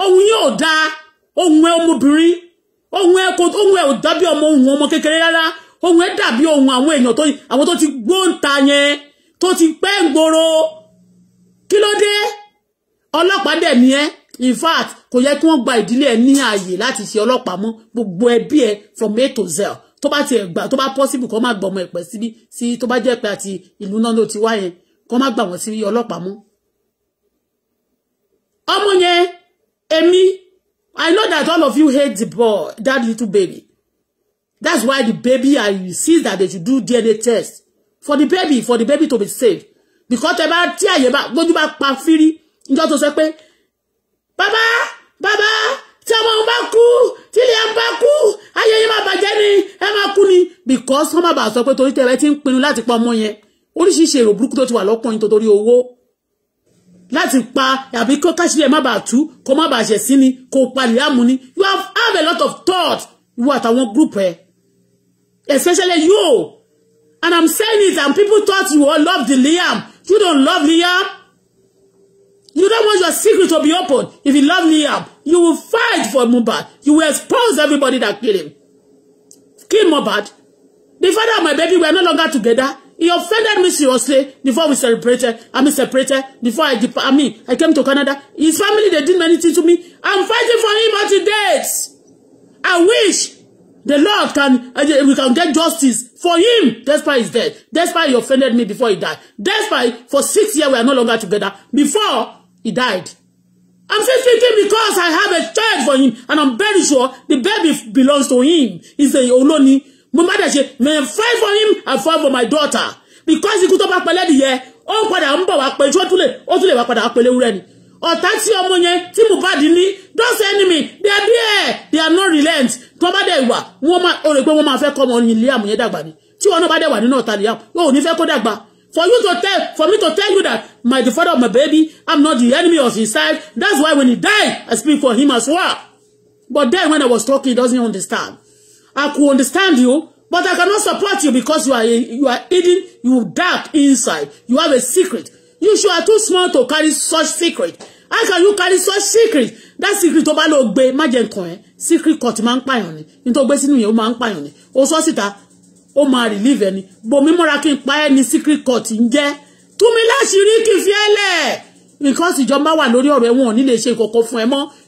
[SPEAKER 2] ohun yi ò dáa ohun e ọmọbìnrin ohun e kò ohun ẹ ò dàbí ọmọ ohun ọmọ kékeré rárá ohun ẹ dàbí ohun àwọn èèyàn tó àwọn tó ti gbóǹta yẹn tó ti pẹ́ ń gbòòrò kí ló dé ọlọ́pàá in fact kò yẹ kí wọ́n gba ìdílé ẹ ní ààyè láti ṣe ọlọ́pàá mọ́ gbogbo ẹbí ẹ from a to z tó bá ti ẹ̀gbà tó bá possible kó má gbọmọ ẹ̀pẹ́ síbí sí tó bá jẹ́ pé àti ìlú náà ló ti wá yẹn kó má gbà wọ́n sí ọlọ́pàá mọ́. ọmọ yẹn èmi I know that all of you hate the boy that little baby that's why the baby I insist that they should do DNA test for the baby for the baby to be saved because tẹ bá tí àyè bá gbójú bá pa fírí níjọ́ tó sọ pé bàbá bàbá tí ọmọ ń bá kú tí ilé ń bá kú ayé yín máa bàjẹ́ ni ẹ máa kú ni because wọ́n má bàa sọ pé torí tẹ̀rẹ́ ti ń pinnu láti pa ọmọ yẹn oríṣiríṣi èrò burúkú tó ti wà lọ́kùnrin tó torí owó láti pa àbí kó káṣílẹ̀ má bàa tú kó má bàa ṣẹ̀ sí ni kó palẹ̀ àmú ni you have, have a lot of thought you àtàwọn group ẹ especially you and I'm saying it and people thought you all love the Liam you don't love Liam. You don't want your secret to be open. If you love Liam, you will fight for Mubad. You will expose everybody that killed him. Kill Mubad. The father and my baby were no longer together. He offended me seriously before we separated. I mean, separated. Before I, I mean, I came to Canada. His family, they did many things to me. I'm fighting for him until death. I wish the Lord can, uh, we can get justice for him despite his death. Despite he offended me before he died. Despite for six years we are no longer together. Before He died. I'm still speaking because I have a child for him and I'm very sure the baby belongs to him. He's a Oloni. Mo má dẹ̀ may I fight for him and fight for my daughter. Because ikú tó bá pẹ́ lẹ́dìyẹ, ó ń padà ń bọ̀ wá pé ṣó tún lè to tún lè wá padà wá pé léwúrẹ́ ni. Ọ̀tá tí ọmọ yẹn tí Mohbad ní, those enemy, they are there, they are not relent. Come bá dẹ̀ wà, wọ́n máa, ó rè come. wọ́n máa fẹ́ kọ́ ọmọ ní Liam yẹn dàgbà ni. Tí wọn náà bá dẹ̀ wà nínú ọ̀tá Liam, ó ò ní fẹ́ For you to tell, for me to tell you that my the father of my baby, I'm not the enemy of his side. That's why when he died, I speak for him as well. But then when I was talking, he doesn't understand. I could understand you, but I cannot support you because you are you are hidden, you dark inside. You have a secret. You sure are too small to carry such secret. How can you carry such secret? That secret tó bá lọ gbé má secret kan ti máa ń pààyàn ni nítorí gbé Oso sita ó máa relieve ẹni bòmí múra kí n pa ẹ́ secret court ń jẹ́ tú mi láṣìírí kì í fi ẹ́ lẹ̀ nǹkan sì jọ máa wà lórí ọ̀rọ̀ ẹ̀wọ̀n nílé ṣe kọ̀ọ̀kan fún ẹ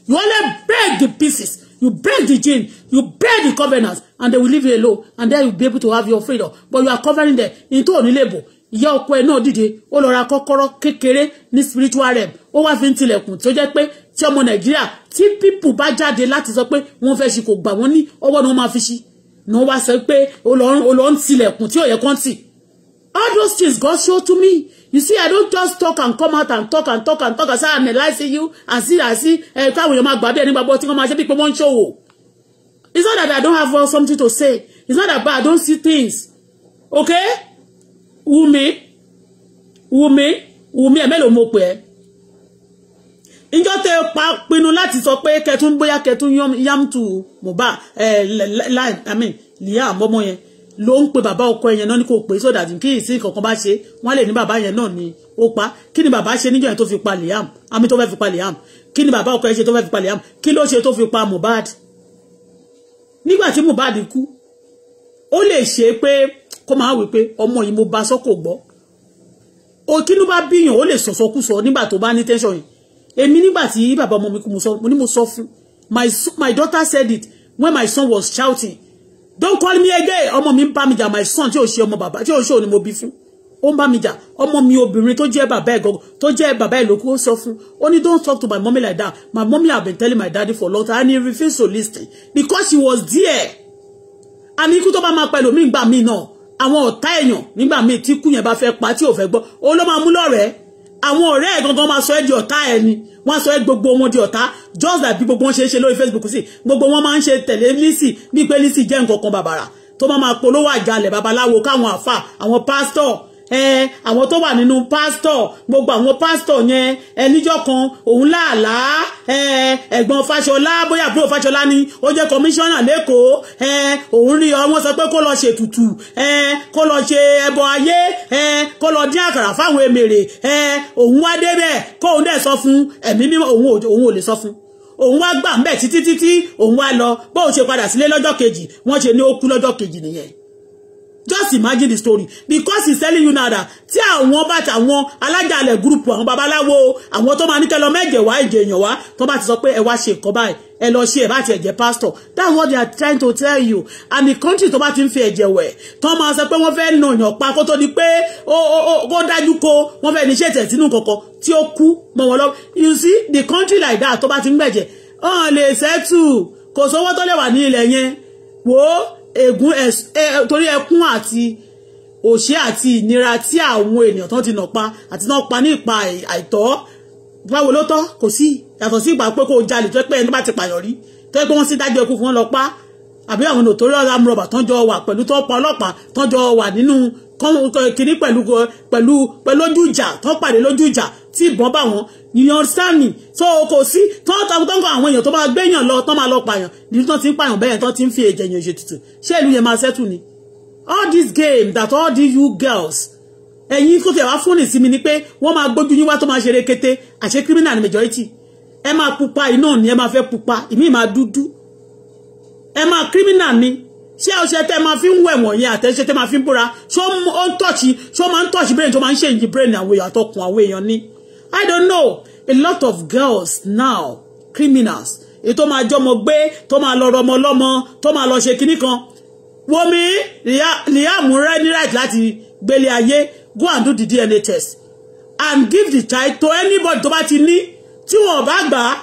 [SPEAKER 2] you only break the pieces you break the chain you break the covenant and they will leave you alone and then you be able to have your freedom but you are covering them into onílébò ìyá ọkọ ẹ náà dìde ó lọ ra kọ́kọ́rọ́ kékeré ní spiritual realm ó wá fi ń tilẹ̀kùn tó jẹ́ pé tí ọmọ nàìjíríà tí pípù bá jáde láti sọ pé wọ́n fẹ́ ṣe kò gbà wọ́n ní ọwọ́ ni wọ́n máa fi ṣí No, wọ́n wá sọ pé olóhùn tilẹ̀kùn tí ò yẹ kán all those things God show to me you see I don't just talk and come out and talk and talk and talk As I ah, I'm enlightening you and see and see Eh, káwọn èèyàn máa gbà bẹ́ẹ̀ nígbà bọ́ tí wọ́n máa ṣe bí pé wọ́n ń ṣòwò it's not that I don't have something to say it's not that I don't see things okay Wumi Wumi Wumi ẹ̀ mélòó mo pè é ìjọ tẹ pa pinnu láti sọ pé kẹtún bóyá kẹtún yamtu Mohbad ẹ láì i mean Liam àmọ́mọ́ yẹn ló ń pe bàbá ọkọ yẹn náà ní kò pé sódà kí ìsín kankan bá ṣe wọn lè ní bàbá yẹn náà ni ó pa kí ni bàbá ṣe níjọ yẹn tó fi pa Liam àmì tó fẹ́ fi pa Liam kí ni bàbá ọkọ yẹn ṣe tó fẹ́ fi pa Liam kí ló ṣe tó fi pa Mohbad nígbà tí Mohbad kú ó lè ṣe pé kó máa wí pé ọmọ yìí mo bá sọ́kò gbọ́ òkínú bá bíyàn ó lè sọ̀sọ́kùsọ nígbà tó bá ní tẹ́ńsọ̀n yìí èmi nígbà tí bàbá ọmọ mi kú mo ní mo sọ fún my my daughter said it when my son was shouting don't call me again ọmọ mi ń mi jà my son tí ò ṣe ọmọ bàbá tí ò ṣe òní mo bí fún ó ń bá mi jà ọmọ mi obìnrin tó jẹ́ bàbá ẹ̀ gọ́gọ́ tó jẹ́ bàbá ẹ̀ lókù ó sọ fún ó don't talk to my mommy like that my mommy have been telling my daddy for long time and he refused to listen because she was there àní ikú tó bá máa pẹ̀lú mí gbà mí náà àwọn ọ̀tá èèyàn nígbà míì tí ikú yẹn bá fẹ́ pa tí ò fẹ́ gbọ́ òun ló máa mú lọ́rẹ̀ẹ́ àwọn ọ̀rẹ́ ẹ̀ gangan máa sọ ẹ́ di ọ̀tá ẹ̀ ni wọ́n sọ ẹ́ gbogbo wọn di ọ̀tá just like bí gbogbo wọn ṣe ń ṣe lórí Facebook sí gbogbo wọn máa ń ṣe tẹ̀lé Lizzy bí pé Lizzy jẹ́ nǹkan kan bàbàrà tó máa máa polówó àjálẹ̀ babaláwo káwọn àfà àwọn pásítọ̀ àwọn tó wà nínú pásítọ̀ gbogbo àwọn pásítọ̀ yẹn ẹníjọ́ kan òun láàlá ẹ̀gbọ́n Fáṣọlá bóyá àbúrò Fáṣọlá ni ó jẹ́ kọmíṣánná lẹ́kọ̀ọ́ òun rí ọ wọ́n sọ pé kó lọ ṣètùtù kó lọ ṣe ẹbọ ayé kó lọ dín àkàrà fáwọn èmèrè òun wá débẹ̀ kóun dẹ̀ sọ fún ẹ̀mí mímọ́ òun ò lè sọ fún òun wá gbà ń bẹ̀ títí títí òun wá lọ bóun ṣe padà sílé lọ́jọ́ kejì wọ́n ṣe ní ó kú lọ́jọ́ kejì nìyẹn just imagine the story because he's telling you now that tí àwọn bá ti àwọn alájàlẹ̀ group àwọn babaláwo àwọn tó máa ní kẹlọ mẹ́jẹ̀ wá ìjẹ̀ èèyàn wá tó bá ti sọ pé ẹ wá ṣe nǹkan báyìí ẹ lọ ṣe ẹ bá ti ẹ̀jẹ̀ pastor that's what they are trying to tell you and the country tó bá ti ń fi ẹ̀jẹ̀ wẹ̀ tó máa sọ pé wọ́n fẹ́ nà yàn pa kó tó di pé ó dájú ko wọ́n fẹ́ ní ṣe tẹ̀ sínú kankan tí ó kú mọ́ wọn lọ you see the country like that tó bá ti ń gbẹ̀jẹ̀ ọ̀hún lè settle kò sówó tó lè wà ní ilẹ̀ yẹn wò ègún torí ẹkún àti òṣè àti ìnira tí àwọn ènìyàn tán ti nà pa àti tán pa ní ìpa àìtọ́ báwo ló tọ́ kò sí yàtọ̀ sí ìgbà pé kò jalè tó pé ẹni bá ti pààyàn rí tó pé wọ́n sì dájọ́ ikú fún wọn lọ pa àbí àwọn òtòrí ọ̀rọ̀ amúrọ̀bà tán jọ wà pẹ̀lú tó pa ọlọ́pàá tán jọ wà nínú kínní pẹ̀lú pẹ̀lú ìjà tán pàdé lójú ìjà tí ìbọn bá wọn you understand me kò sí tó tọkọtọkọ àwọn èèyàn tó máa gbéyàn lọ tó máa lọ pààyàn nítorí tó ti ń pààyàn bẹ́ẹ̀ tó ti ń fi èjẹ̀ yàn ṣe tutù ṣé ìlú yẹn máa ṣẹ́tù ni all this game that all these you girls ẹ̀yin tó tẹ̀ wá fún ìsinmi ni pé wọ́n máa gbójú yín wá tó máa ṣe rekete àṣẹ criminal majority ẹ máa pupa iná ni ẹ máa fẹ́ pupa ìmí máa dúdú ẹ máa criminal ni ṣé ọṣẹ tẹ máa fi ń wẹ̀ wọ̀nyẹn àtẹ̀ṣe tẹ máa fi ń búra ṣó ń tọ̀ṣì ṣó máa ń tọ̀ṣì brain tó máa ń ṣe ìyìn brain àwọn àtọkùn àwọn ni I don't know a lot of girls now criminals èyí tó máa jọmọ gbé tó máa lọ rọmọ lọmọ tó máa lọ ṣe kinní kan wọmi liam rẹ ní right láti gbélé ayé go and do the DNA test and give the child to anybody tó bá ti ní tí wọn bá gbà á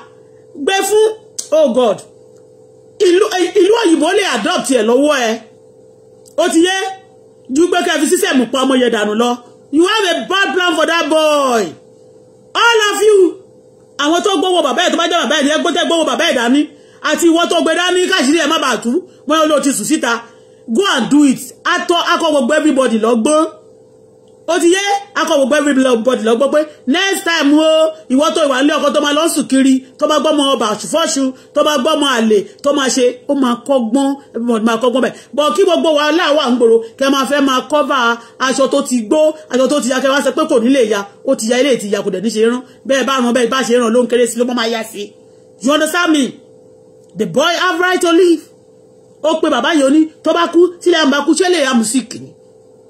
[SPEAKER 2] gbé oh God Ilu òyìnbó lè adopt ẹ lọ́wọ́ ẹ ó ti yé ju gbé kẹfì sísẹmù pa ọmọ yẹn dànù lọ you have a bad plan for that boy all of you àwọn tó gbowó bàbá ẹ̀ tó bá jẹ́ bàbá ẹ̀ ní ẹgbẹ́ tẹ́ gbowó bàbá ẹ̀ dání àti ìwọ tó gbé dání káṣírí ẹ̀ má bàa tú wọ́n yóò lò ti sùn síta go and do it atọ́ akọ gbogbo everybody lọ́gbọ́n ó ti yé akọ gbogbo everybody lọ gbọ́ pé next time o ìwọ tó ìwà ilé ọkọ tó máa lọ sùn kiri tó máa gbọ́ ọmọ ọba àṣùfọ́ṣù tó máa gbọ́ ọmọ àlè tó máa ṣe ó máa kọ́gbọ́n everybody máa kọ́gbọ́n bẹ́ẹ̀ bọ̀ kí gbogbo wa láwa ń gbòòrò kẹ máa fẹ́ máa kọ́fà aṣọ tó ti gbó aṣọ tó ti ya kẹ wá sọ pé kò nílé ya ó ti ya ilé ti ya kò dẹ̀ ní ṣe rán bẹ́ẹ̀ bá ràn bẹ́ẹ̀ bá ṣe ràn ló ń kéré sí ló máa ya sí you understand me the boy have right to live ó pe bàbá yìí ó ní tó bá kú sílẹ̀ àmì bá kú ṣé lè ya mùsíkì ni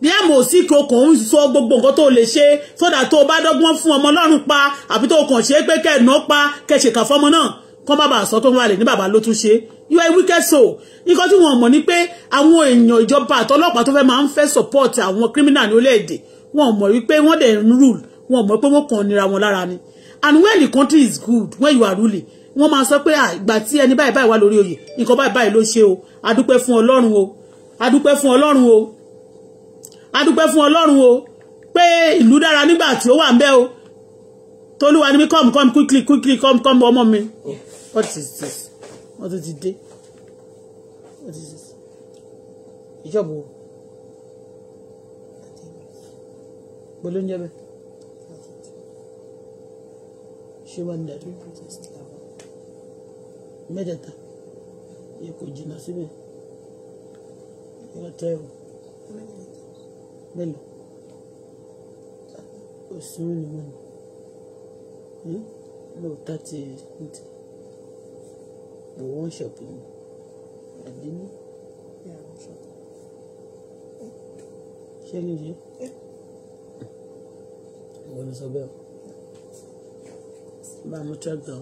[SPEAKER 2] ní àmòsí kò kò ń sọ gbogbo nǹkan tó lè ṣe sódà tó bá dọ́gbọ́n fún ọmọ ọlọ́run pa àbí tó kàn ṣe é pé kẹ́ẹ̀nà pa kẹ́ṣèkà fọmọ náà kọ́ má bàa sọ pé wọ́n wà lè ní bàbá ló tún ṣe you are a wicked soul nǹkan tí wọ́n mọ̀ ni pé àwọn èèyàn ìjọba àtọlọ́pàá tó fẹ́ máa ń fẹ́ support àwọn criminal ní orílẹ̀-èdè wọ́n mọ̀ wípé wọ́n dẹ̀ ń rule wọ́n mọ̀ pé wọ́n kàn nira wọn lára ni and when the country is good when you are ruling wọ́n máa sọ pé ìgbà tí ẹni báyìí báyìí wà lórí oyè nǹkan báyìí báyìí ló ṣe o adúpẹ́ fún ọlọ́run o adúpẹ́ fún ọlọ́run o a dúpẹ́ fún ọlọ́run o pé ìlú dára nígbà tí ó wà ń bẹ̀ o tolúwa ni mi come come quickly quickly come come ọmọ mi what is this what is it?
[SPEAKER 1] what is this ìjọba o gbọ́dọ̀ ń jẹ́ bẹ́ẹ̀ ṣé wà ní dàdú mẹ́tẹ̀ẹ̀ta yẹ kò jìnnà síbẹ̀ yọ tẹ́ o mélòó òsínú ni mo ní hmm? lóòótọ́ ti ti
[SPEAKER 2] mo wọ́n ṣọ̀bù mi àbí ní ṣé ní yé
[SPEAKER 1] ìwọ ni sọ bẹ́ẹ̀
[SPEAKER 2] bá a mú tractor.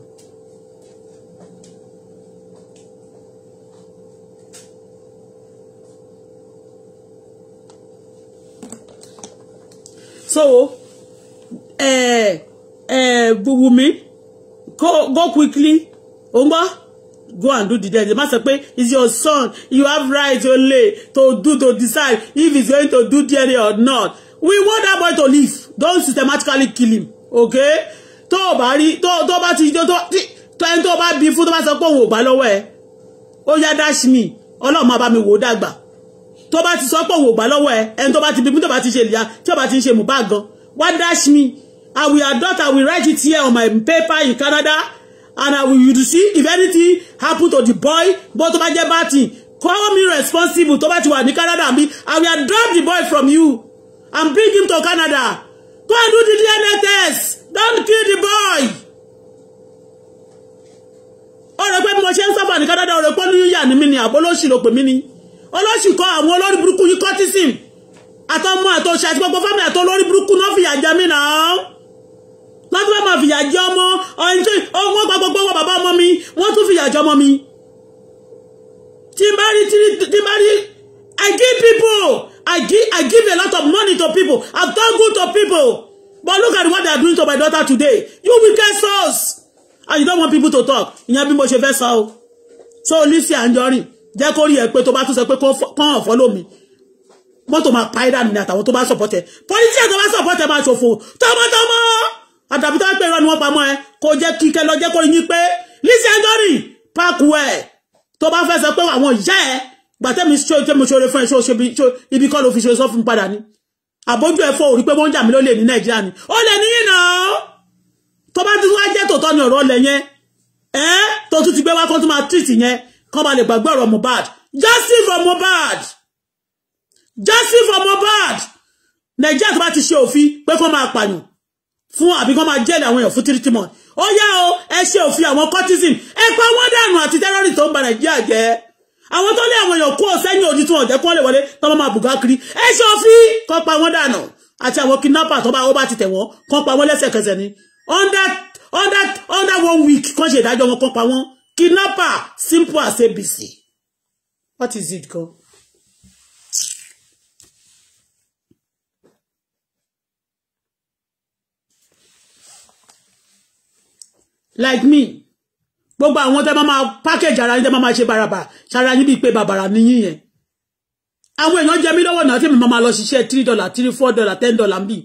[SPEAKER 2] so eh, eh, Wumi go go quickly omba go and do the dead the man say pé is your son you have right only to do to decide if he's going to do dna or not we want that boy to live don't systematically kill him okay tó o bá rí tó tó bá ti tó tó tó ẹni tó bá bí fún tó bá sọ pé òun ò bá lọ́wọ́ ẹ ó yá dash me ọlọ́run máa bá mi wò ó dàgbà tó bá ti sọ pé òun ò gbà lọ́wọ́ ẹ ẹni tó bá ti bíbí tó bá ti ṣe ìyá tí ó bá ti ń ṣe Mohbad gan wá dash me I will adopt I will write it here on my paper in Canada and I will you see if anything happen to the boy bó tó bá jẹ́ bá ti call me responsible tó bá ti wà ní Canada mi I will adopt the boy from you and bring him to Canada go and do the DNA test don't kill the boy. ọ̀rọ̀ pé bí mo ṣe ń sábà ní Canada ọ̀rọ̀ pé ní yíyà ni mí ni àbólóṣì ló pè mí ni olóṣù kọ àwọn olórí burúkú yìí kọ́tísìm àtọmọ àtọṣẹ àti gbogbo fámìlì àtọ olórí burúkú náà fìyà jẹ mí náà lọ́dún bá máa fìyà jẹ ọmọ ọ̀hún tí wọ́n gba gbogbo wọn bàbá ọmọ mi wọ́n tún fìyà jẹ ọmọ mi tí n bá rí tí n bá rí I give people I give I give a lot of money to people I've done good to people but look at what they are doing to my daughter today you wicked souls and you don't want people to talk ìyẹn bí mo ṣe fẹ́ sọ o so Lizzy Anjorin jẹ́ kó rí ẹ pé tó bá tún sọ pé kán ọ̀fọ́ lómi mọ́tò máa pa ẹ̀dá nìyà àtàwọn tó bá sọ̀pọ̀tẹ̀ pọ́lísì àti bá sọ̀pọ̀tẹ̀ máa ṣòfò tọmọtọmọ àtàbí tó ń pè ìrànwọ́ pamọ́ ẹ kó jẹ́ kíkẹ́ lọ jẹ́ kó rí yín pé Lizzy Anjorin páàkù ẹ̀ tó bá fẹ́ sọ pé àwọn ìyá ẹ̀ gbàtẹ́mi ṣe mo ṣoore fún ẹ ṣe ibi kọ́ ló fi ṣe sọ fún padà ni àbójú ẹ̀fọ́ òrí pé wọ́n ń jà mí lólè ní Nàìjíríà ni ó lè ní yìnà tó bá tún wá jẹ́ tòótọ́ ni ọ̀rọ̀ lẹ̀ yẹn ẹ́ tó tún ti gbé wá kó tún máa tìtì yẹn kán bá lè gbàgbé ọ̀rọ̀ Mohbad justice for Mohbad justice for Mohbad Nàìjíríà tó bá ti ṣe òfin pé kán máa pààyàn fún àbí kán máa jẹ́lẹ̀ àwọn èèyàn fún tírí tímọ̀ ó yá o ẹ ṣe òfin àwọn courtesan ẹ pa wọ́n dànù àti tẹ́rọ́rì tó ń ba Nàìjíríà jẹ́ àwọn tó lé àwọn èèyàn kó sẹ́yìn ojú tí wọ́n jẹ́ kó lè wọlé tó máa bùgá kiri ẹ ṣe òfin kán pa wọ́n dànù àti àwọn kidnapper tó bá ó bá ti tẹ̀ wọ́n kán pa wọ́n lẹ́sẹ̀kẹsẹ̀ ni under under under one week kán ṣe ìdájọ́ wọn kán pa wọ́n Kidnapper, simple as ABC. What is it, called? Like me. Gbogbo àwọn tẹ́ máa package ara yín tẹ́ máa ṣe bàràbà ṣara yín bíi pé bàbàrà ni yín yẹn. Àwọn èèyàn jẹ mí lọ́wọ́ náà tí mo máa lọ ṣiṣẹ́ three dollar three four dollar ten dollar bíi.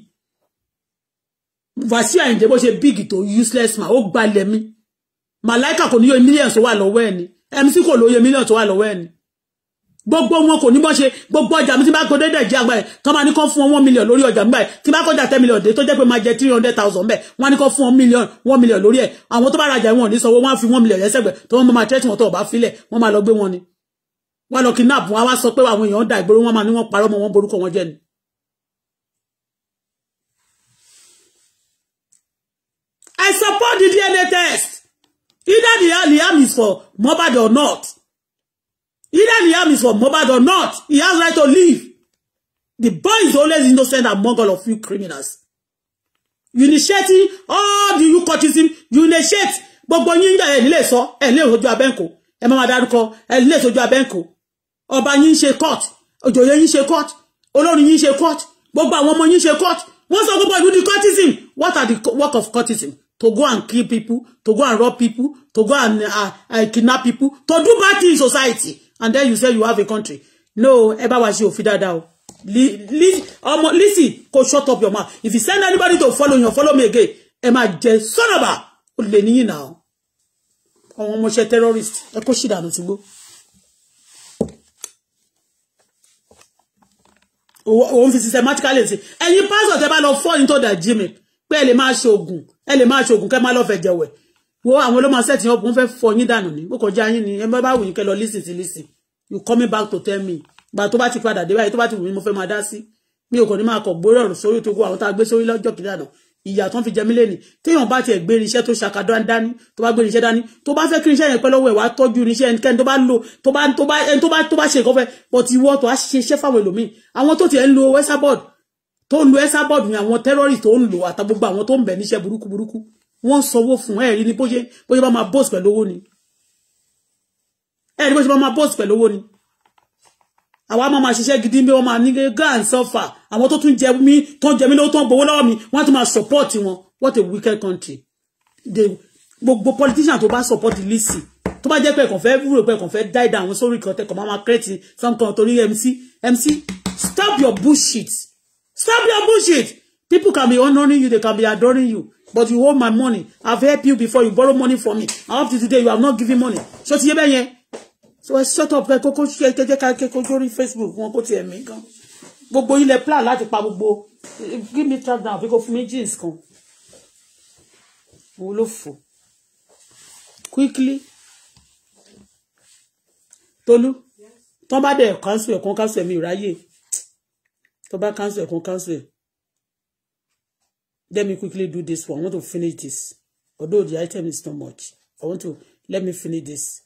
[SPEAKER 2] Wàsíù Àyìndé bó ṣe big tó useless man ó gbalẹ̀ mi màláìkà kò níye millions tó wà lọ́wọ́ ẹ̀ ni mc kò lóye millions tó wà lọ́wọ́ ẹ̀ ni gbogbo wọn kò ní bọ́ ṣe gbogbo ọjà mi ti bá gbọdọ̀ dẹ̀ jẹ́ àgbà ẹ̀ tó máa ní kó fún one million lórí ọjà mi báyìí bá kọjá ten million dé tó jẹ́ pé máa jẹ three hundred thousand bẹ́ẹ̀ wọ́n ní kó fún one million one million lórí ẹ̀ àwọn tó bá rajà wọn ò ní sanwó wọ́n á fi one million yẹn sẹ́gbẹ̀ẹ́ tó wọ́n máa tẹ́tí wọn tó ọ̀bá filẹ̀ wọ́n máa lọ gbé wọn ni wọ́n lọ kidnap wọn wá sọ pé àwọn èèyàn da ìgboro wọn máa ní wọ́n parọ́ mọ́ wọn borúkọ wọn jẹ́ ni. I support the DNA test. Either the Liam is for mobad or not. Either Liam is for mobad or not. He has right to leave. The boy is always innocent among all of you criminals. You initiating all the you cultism. You initiate. Gbogbo yín ẹ̀ nílé sọ ẹ̀ nílé ojú abẹ́ǹkò ẹ̀ máa dárúkọ ẹ̀ nílé ojú abẹ́ǹkò ọba you ṣe court òjòyè yín ṣe court olórin yín ṣe court gbogbo àwọn ọmọ yín ṣe court wọ́n sọ gbogbo ìlú di courtism? what are the work of courtism? to go and kill people, to go and rob people, to go and uh, uh, kidnap people, to do bad things in society. And then you say you have a country. No, ẹ bá wa ṣe òfin dáadáa o. listen, go shut up your mouth. If you send anybody to follow you, follow me again. Ẹ máa jẹ sọ́nàbà, ó lè níyìn náà. Àwọn ọmọọṣẹ́ terrorist, ẹ kó ṣìdànù ti gbó. Òun fi And you pass pásọ̀ tẹ bá lọ fall into the gym pé ẹ man show ṣe ẹ lè máa ṣoògùn kẹ má lọ fẹ jẹwẹ wo àwọn ló máa sẹtì ọkùnrin fẹ fọ yín dànù ni ó kọjá yín ni ẹ má bá wù yín kẹ lọ lísìn sí you come back to tell me gbà to bá ti padà dé báyìí tó bá ti wù mí mo fẹ máa dá sí mi ò kàn ní máa kọ gbórí ọ̀rọ̀ sórí tó kó àwọn tá a gbé sórí lọ́jọ́ kìí dànù ìyà tó ń fi jẹ mí lẹ́ni téèyàn bá tiẹ̀ gbé irinṣẹ́ tó ṣàkà dání tó bá gbé irinṣẹ́ dání tó bá fẹ́ kí irinṣẹ́ yẹn pẹ́ lọ́wọ́ ẹ̀ wá tọ́jú irinṣẹ́ ẹnikẹ́ni tó bá lo tó bá tó bá ẹni tó bá tó bá ṣe nǹkan fẹ́ pọ̀ ti wọ́ tó á ṣe iṣẹ́ fáwọn ẹlòmíì àwọn tó tiẹ̀ lo westerboard tó ń lo ẹ́sàbọ̀dù ni àwọn terrorist tó ń lò àtàgbogbo àwọn tó ń bẹ̀ níṣẹ́ burúkú burúkú wọ́n sanwó fún ẹ̀rí ni bó ṣe bó ṣe bá máa bọ́ọ̀sì pẹ̀lú owó ni ẹ̀rí bó ṣe bá máa bọ́ọ̀sì pẹ̀lú owó ni àwa máa máa ṣiṣẹ́ gidi bí wọ́n máa ní grand suffer àwọn tó tún jẹ mí tó ń jẹ mí lówó tó ń gbowó lọ́wọ́ mi wọ́n á tún máa support wọn what a wicked country the gbogbo politician tó bá support Lizzy tó bá jẹ́ pé ẹ̀kàn fẹ́ rúrò pé ẹ̀kàn fẹ́ dáìdá àwọn sórí kan tẹ̀kàn máa máa create some kan torí MC MC stop your bullshit Stop your bullshit. People can be honoring you, they can be adoring you. But you owe my money. I've helped you before you borrow money from me. And up to today, you have not given money. So ti yebe yen. So I shut up. Koko share keje ka keko lórí Facebook wọn kò tiẹ̀ mi gan. Gbogbo ile plan láti pa gbogbo. Give me track down. Fi ko fún mi jeans kan. Wo ló fò. Quickly. Tolu. Yes. Ton ba de cancel e kon cancel mi ráyè. To bá cancel kan cancel let me quickly do this one i want to finish this although the item is not much i want to let me finish this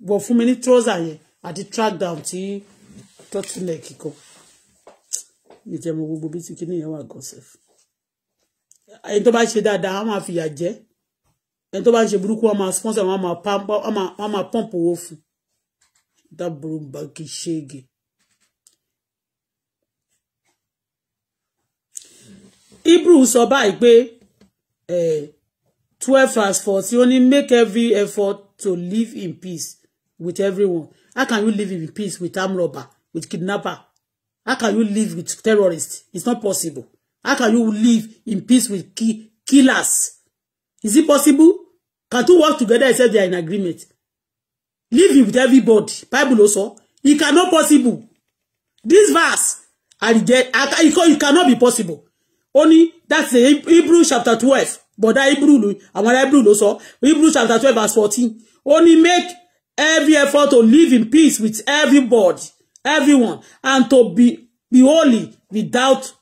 [SPEAKER 2] but fún mi ní trouser yẹn àti track down tí tọ́túnlẹ̀ kíkọ́ mi jẹ́ mo gbogbo bí ti kíní yẹn wà gọ́sẹ̀f ẹni tó bá ṣe dáadáa wọ́n máa fìyà jẹ ẹni tó bá ṣe burúkú wọ́n máa sponsor wọ́n máa pump owó fún dábòrò bàkì ṣéègì. Hebrew sọ báyìí pé twelve verse fourteen ó ní make every effort to live in peace with everyone how can you live in peace with armed robber with kidnapper how can you live with terrorist? it's not possible how can you live in peace with ki killers is it possible can two work together except they are in agreement live with everybody bible also. it cannot possible this verse i reject i, I, it cannot be possible Only that's the hebrew chapter twelve that hebrew I'm àwọn ará hebrew ló sọ hebrew chapter twelve verse fourteen Only make every effort to live in peace with everybody everyone and to be be holy without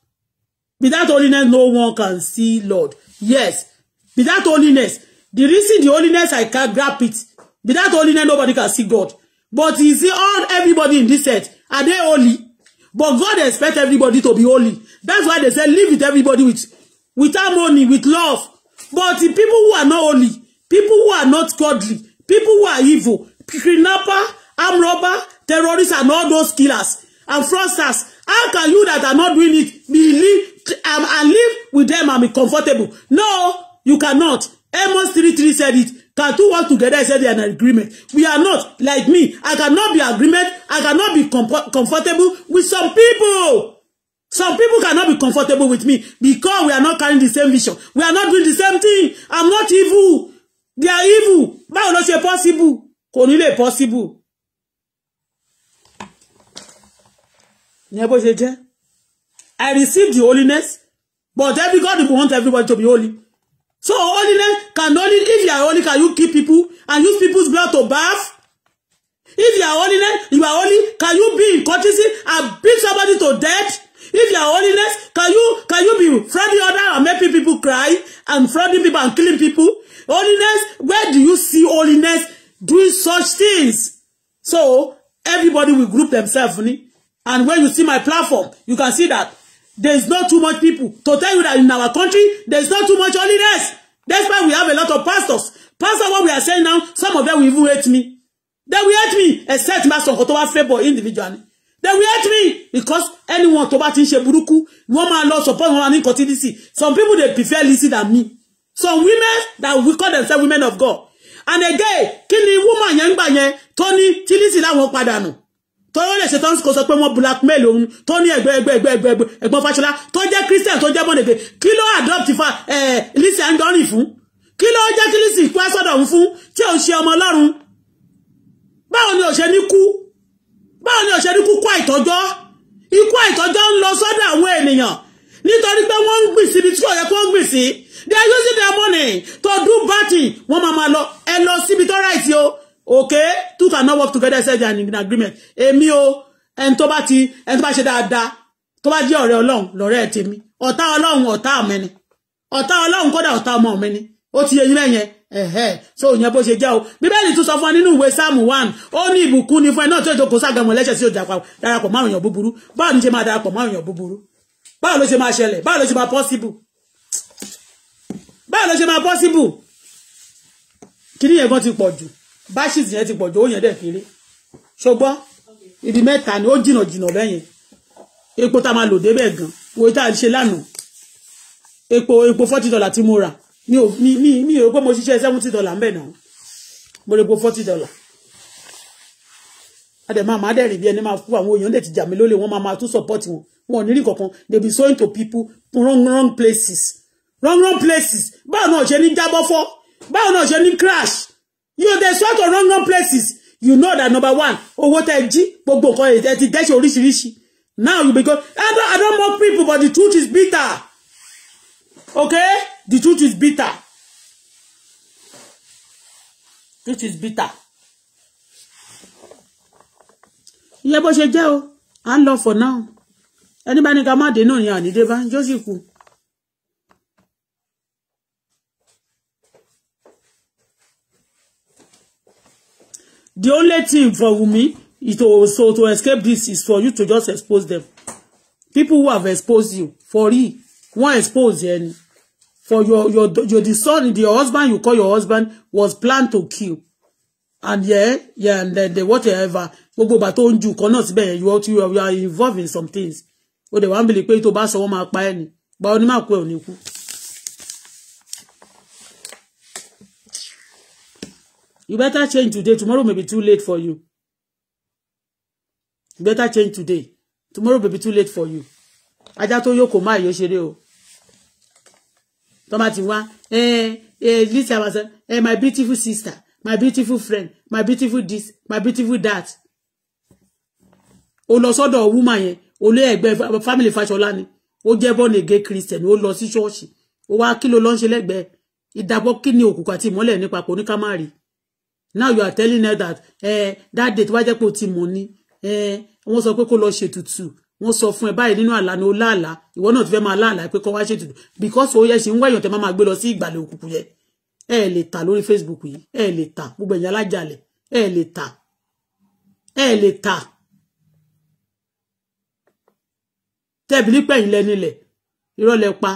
[SPEAKER 2] without holiness no one can see Lord yes without holiness the reason the holiness I can't grab it without holiness nobody can see God but is it all everybody in this set are they holy but God expects everybody to be holy That's why they say live with everybody with, with harmony, with love. But the people who are not holy, people who are not godly, people who are evil, kidnapper, arm robber, terrorists, and all those killers and fraudsters, how can you that are not doing it believe um, and live with them and be comfortable? No, you cannot. Amos 3.3 said it. Can two work together? I say they are in agreement. We are not like me. I cannot be agreement. I cannot be comfortable with some people. Some people cannot be comfortable with me because we are not carrying the same vision. We are not doing the same thing. I'm not evil. They are evil. Báwo ló ṣe possible? Kò ní possible. Ní bó ṣe I received the holiness, but every God will want everybody to be holy. So holiness can only, if you are holy, can you kill people and use people's blood to bath? If you are holiness, you are holy, can you be in courtesy and beat somebody to death? If your holiness, can you can you be frauding other and making people cry and frauding people and killing people? Holiness, where do you see holiness doing such things? So everybody will group themselves. And when you see my platform, you can see that there's not too much people. To tell you that in our country, there's not too much holiness. That's why we have a lot of pastors. Pastor, what we are saying now, some of them will even hate me. They will hate me, except Master Kotowa favor individually they will hate me because anyone tó bá ti ń ṣe burúkú wọ́n máa lọ support wọn ní infertility some people they prefer Lisi than me some women that we call themselves women of God and again kí ni woman yẹn ń gbà yẹn tó ní tí Lizzy láwọn padà nù tó yóò lè ṣe tán kó sọ pé wọ́n blackmail òun tó ní ẹgbẹ́ ẹgbẹ́ ẹgbẹ́ ẹgbẹ́ ẹ̀gbọ́n Fáṣọlá tó jẹ́ Christian tó jẹ́ bọ́nẹ̀gbẹ́ kí ló adopt fa Lizzy Anjorin fún kí ló jẹ́ kí Lizzy pẹ́ sọ́dọ̀ òun fún tí ò ń ṣe ọmọ Ọlọ́run báwo ni ò ṣe ní kú báwo ni ọ̀ṣẹ́ ní kúkú àìtọ́jọ́ ikú àìtọ́jọ́ ń lọ sọ́dọ̀ àwọn ènìyàn nítorí pé wọ́n ń gbìn síbi tí ọ̀yẹ́ kó ń gbìn sí they are using their money to do bad thing wọ́n máa máa lọ ẹ lọ síbi tó ráìtì o okay two can not work together say they are in agreement èmi o ẹni tó bá ti ẹni tó bá ṣe dáadáa tó bá jẹ́ ọ̀rẹ́ ọlọ́run lọ́rẹ́ ẹ̀ tèmi ọ̀tá ọlọ́run ọ̀tá ọ̀mẹ́ni ọ̀tá ọlọ́run kódà ọ̀tá ọmọ ọ̀mẹ́ni ó ti yẹ yín lẹ́yìn ẹ̀hẹ́ so òyìn bó ṣe jẹ́ o bíbélì tún sọ fún ọ nínú ìwé sáàmù one ó ní ìbùkún ni fún ẹ náà tí òjò kò ságàmù ẹlẹ́ṣẹ̀ sí òjà darapọ̀ márùn èèyàn búburú báwo ni ṣe máa darapọ̀ márùn èèyàn búburú báwo ló ṣe máa ṣẹlẹ̀ báwo ló ṣe máa pọ́síbù báwo ló ṣe máa pọ́síbù kíní yẹn gan ti pọ̀ jù báṣìtì yẹn ti pọ̀ jù ó yẹn dẹ̀ kéré ṣùgbọ́n ìdí mẹ́ta ni ó jìnà jìnà bẹ́yẹn epo tá máa lò débẹ̀ gan wo tá ṣe lánàá epo epo forty dollar tí mo rà mi ò mi mi mi ò pé mo ṣiṣẹ́ seventy dollar mbẹ̀ náà mo lè po forty dollar adẹ̀ máa máa dẹ̀rìn bí ẹni máa fún àwọn èèyàn dẹ̀ ti jà mí lólè wọ́n máa máa tún support wọn wọn ò ní rí kankan they be sowing to people wrong wrong places wrong wrong places báwo náà ṣe ní jábọ́ fọ́ báwo náà ṣe ní crash you dey sort of wrong wrong places you know that number one owó tẹ́ jí gbogbo nǹkan ẹ ti dẹ́ṣẹ̀ oríṣiríṣi now you be go i don't i don't mock people but the truth is bitter. Okay? The truth is bitter. Truth is bitter. Ìyẹn bó ṣe jẹ́ o, à ń for now. Anybody bá ní ká má dé náà ni ànídé bá, yóò sì kú. The only thing for Wunmi is to so to escape this is for you to just expose them. People who have exposed you for real, wọ́n expose ẹni for your your your the son your husband you call your husband was planned to kill and yeah yeah and then the whatever go go but ń you cannot náà you are you are involved in some things o de wa n bele pé tó bá sọ wọ́n máa pa ẹ́ ni gba ọ ní máa you better change today tomorrow may be too late for you you better change today tomorrow may be too late for you ajá tó yóò kó má yóò ṣeré o tó ti wá lisa wa sọ my beautiful sister my beautiful friend my beautiful this my beautiful that o lọ sọ́dọ̀ woman yẹn olú ẹgbẹ́ family fashola ni ó jẹ́ born again christian O lọ sí ṣọ́ọ̀ṣì O wá kí ló lọ ń ṣe lẹ́gbẹ̀ẹ́ ìdàpọ̀ kí ni òkùnkùn àti ìmọ́lẹ̀ nípa kò ní ká má rí now you are telling her that eh, that date wá jẹ́ pé o ti mọ̀ ni eh, sọ pé kó lọ ṣètùtù wọ́n sọ fún ẹ báyìí nínú àlá ni ó láàlá ìwọ náà ti fẹ́ máa láàlá pé kó wá ṣètùtù because ó yẹ ṣe ń wá èèyàn tẹ máa máa gbé lọ sí ìgbàlẹ̀ òkùnkùn yẹn ẹ lè tà lórí Facebook yìí ẹ lè tà gbogbo ẹ̀yìn alájàlẹ̀ ẹ lè tà ẹ lè tà tẹ́bìlì pẹ̀yìn lẹ́nilẹ̀ irọ́ lẹ pa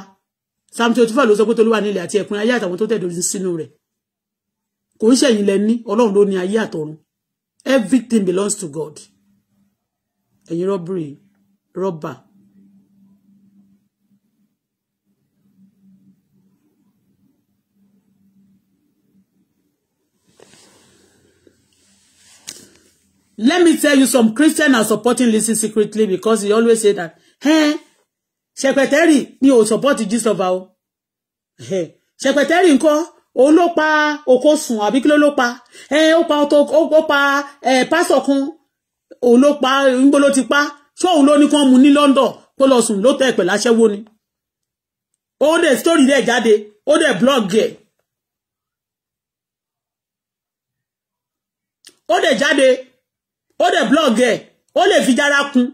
[SPEAKER 2] sam tí o ti fẹ́ ló sọ pé tolúwa nílẹ̀ àti ẹ̀kún ayé àtàwọn tó tẹ̀dọ̀ sínú rẹ̀ kò ń ṣẹ̀yìn lẹ́ni ọlọ́run ló ní ayé àtọ̀run everything belongs to God ẹ̀yin rọ́bìrì yìí rọ́bà Let me tell you, some Christians are supporting Lizzy secretly because he always say that, hey, secretary, mi ò support Jesus Gistlover o. Hey, secretary ńkọ́, òun ló pa Okosun, àbí kí ló ló pa? Ẹ ó pa ó kan, òun ló pa, ńgbó ti pa ṣóun ló ní kán mu ní London kó lọ sùn ló tẹ̀ pẹ̀lú aṣẹ́wó ni ó dẹ̀ story dẹ̀ jáde ó dẹ̀ blog ẹ̀ ó dẹ̀ jáde ó dẹ̀ blog ẹ̀ ó lè fi jára kun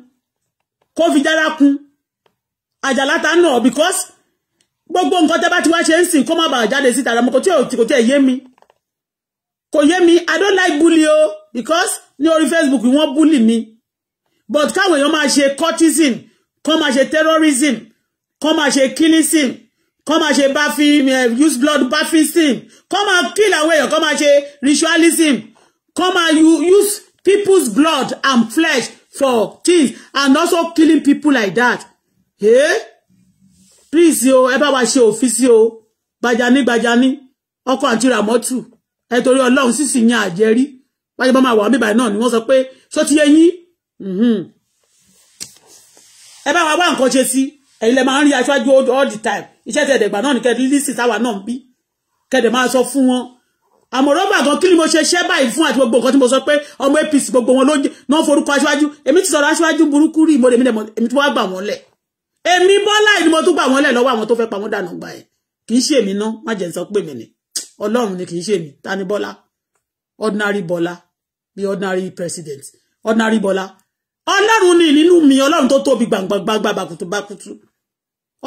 [SPEAKER 2] kó fi jára kun àjàlá ta náà because gbogbo nǹkan tẹ́ bá ti wá ṣe ń sìn kó má bàa jáde síta ara mo kò tí ò kò tí ẹ̀ yé mi kò yé mi i don't like bully o because ní orí Facebook wọ́n bully mi but káwọn èèyàn máa ṣe cultism kán máa ṣe terrorism kán máa ṣe killism kán máa ṣe bathing eh, use blood bathing kán máa kill àwọn èèyàn kán máa ṣe ritualism kán máa use people's blood and flesh for things and also killing people like that. Hey, eh? Please o, ẹ bá wa ṣe òfin sí o, gbajani gbajani, ọkọ̀ àti ràmọ́tù, ẹ torí ọlọ́run sísì yan àjẹrí, wájú bá máa wà bíbà náà ni wọ́n sọ pé ṣó ti yé yín Mm-hmm. ẹ bá wa wá nǹkan ṣe sí ẹ̀yin lẹ máa ń rí aṣáájú all the time iṣẹ́ tẹ̀ dẹ̀gbà náà ní kẹ́ẹ̀dì lísì táwa náà ń bí kẹ́ẹ̀dẹ̀ máa sọ fún wọn àmọ̀rọ́bà gan kí ni mo ṣe ṣẹ́ báyìí fún àti gbogbo nǹkan tí mo sọ pé ọmọ APC gbogbo wọn ló náà forúkọ aṣáájú èmi ti sọ̀rọ̀ aṣáájú burúkú rí ìmọ̀lẹ̀ èmi tí wọ́n gbà wọ́n lẹ̀ èmi Bọ́lá ni mo tún gbà wọ́n lẹ̀ lọ́wọ́ àwọn tó fẹ́ pa wọ́n dànù gbà yẹn kì í ṣe èmi ná má jẹ́ sọ pé mi ni Ọlọ́run ni kì í ṣe èmi ta Bọ́lá ordinary Bọ́lá bí ordinary president ordinary Bọ́lá ọlọ́run ni nínú mi ọlọ́run tó tóbi gbàngbàngbà bàkútùbàkútù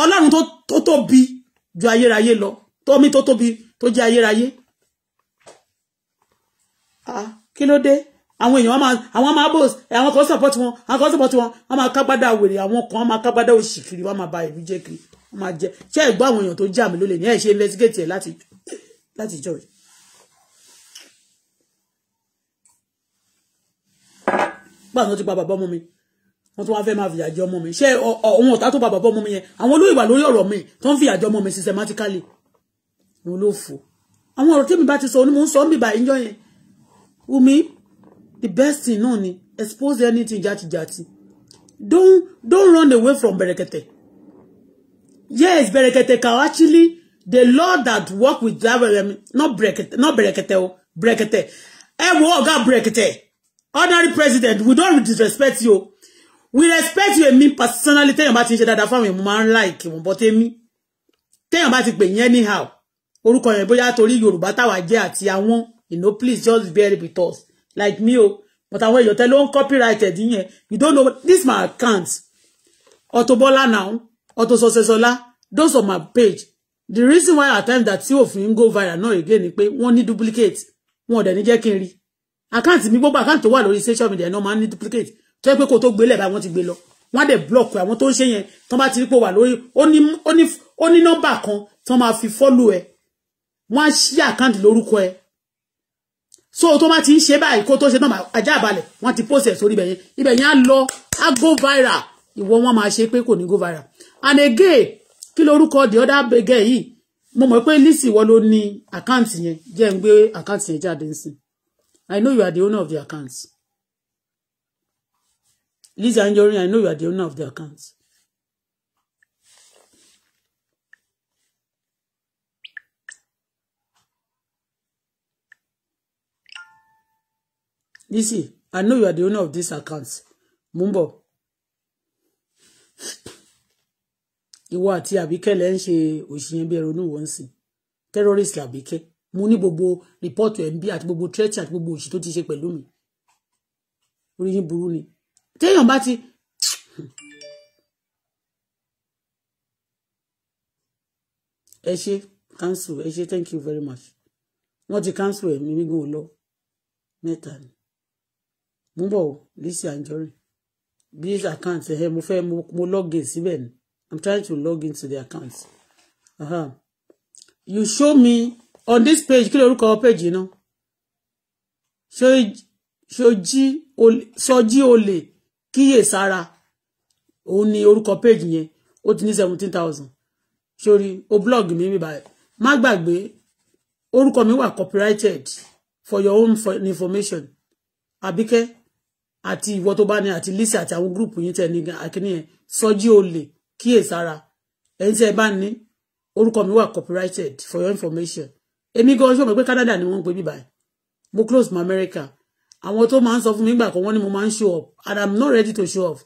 [SPEAKER 2] ọlọ́run tó tóbi ju ayérayé lọ tómi tó tóbi tó jẹ́ ayérayé ah kí ló dé àwọn èèyàn àwọn máa bò àwọn kan support wọn àwọn kan support wọn wọn máa kágbádá wèrè àwọn kan wọn máa kágbádá òṣì kiri wọn máa ba ìlú jẹ́ kiri wọn máa jẹ ṣé ẹ̀gbọ́n àwọn èèyàn tó jà mí lólè ní ẹ̀ ṣe investigate ẹ̀ láti láti jọ gbàgbọ́n tó ti pa bàbá ọmọ mi wọ́n tún wá fẹ́ máa fìyà jẹ ọmọ mi ṣé àwọn ọ̀tá tó pa bàbá ọmọ mi yẹn àwọn olóyìnbá lórí ọ̀rọ̀ mi tó ń fìyà jẹ ọmọ mi systematically wọn ló fò àwọn ọ̀rọ̀ tèmi bá ti sọ onímọ̀ ń sọ ń bìbà ìjọ yẹn Wumi the best thing náà ni expose anything játijàti don't don't run away from bẹ̀rẹ̀kẹ̀tẹ̀ yes bẹ̀rẹ̀kẹ̀tẹ̀ can actually the Lord that work with that not bẹ̀rẹ̀kẹ̀tẹ̀ not bẹ̀rẹ̀kẹ̀tẹ̀ o bẹ̀rẹ̀kẹ̀tẹ̀ ẹ wo ọ̀gá bẹ̀rẹ̀kẹ̀tẹ̀ ordinary president we don't disrespect you we respect you and me personally Tell bá ti ń that family man èèyàn mo máa ń like wọn but èmi téèyàn bá ti pè yín anyhow orúkọ yẹn bóyá torí yorùbá táwa jẹ́ àti àwọn you know please just bear it with us like me oh, but àwọn èèyàn tẹ ló ń copyrighted yẹn you don't know this my account Otobola now otososesola. those on my page the reason why I tell that of òfin go viral náà again ni pé wọ́n ní duplicate wọn ò dẹ̀ ní jẹ́ kí àkáǹtì mi gbogbo àkáǹtì tó wà lórí social media náà máa ń ní duplicate tó yẹ pé kó tó gbé lẹ̀ bá wọ́n ti gbé lọ wọ́n á block àwọn tó ń ṣe yẹn tó bá ti rí pé wà lórí ó ní nọ́mbà kan tó máa fi follow ẹ wọ́n share ṣí àkáǹtì lórúkọ so tó bá ti ń ṣe báyìí kó tó ṣe nọ́mbà ajá àbálẹ̀ wọ́n ti post ẹ̀ sórí ibẹ̀ yẹn ibẹ̀ yẹn á go viral ìwọ wọn máa ṣe pé kò ní go viral and again kí lorúkọ the other girl yìí mo mọ̀ pé Lizzy ìwọ ló ní àkáǹtì yẹn jẹ́ ń gbé àkáǹtì yẹn jáde ń I know you are the owner of the accounts. Lizzie Anjorin, I know you are the owner of the accounts. Lisi. I know you are the owner of these accounts. Mumbo. Ìwọ àti Àbíkẹ́ lẹ́ ń ṣe òṣìyẹn bí ẹrọ oníwọ̀nsìn. Terrorist Àbíkẹ́ mo ní gbogbo rìpọ́ọ̀tù ẹ̀ ń bí àti gbogbo tírẹ́tì àti gbogbo òṣì tó ti ṣe pẹ̀lú mi orí yín burú ni téèyàn bá ti. ẹ ṣe cancel ẹ ṣe thank you very much wọ́n ti cancel ẹ̀ mi nígbà wo lọ mẹ́ta ni mo bọ̀ Lizzy Anjorin bí account ẹ̀ mo fẹ́ mo login síbẹ̀ ni I'm trying to log into the account. Uh-huh. You show me on this page kí lórúkọ page náà sọjí olè kíyè sára òun ni orúkọ page yẹn ó ti ní seventeen thousand sórí o blog mi mi báyìí má gbàgbé orúkọ mi wà copyrighted for your own for information àbíkẹ́ àti ìwọ tó bá ní àti lisa àti àwọn gúrùpù yín tẹ̀ ní àkíní yẹn sọjí olè kíyè sára ẹ̀yin tí ẹ bá ní orúkọ mi wà copyrighted for your information Emi gan ṣọ́ mọ̀ pé Canada ni wọ́n ń pè mí mo close mọ́ America àwọn tó máa ń sọ fún mi gbà kan wọ́n ní mo máa show up and I'm not ready to show up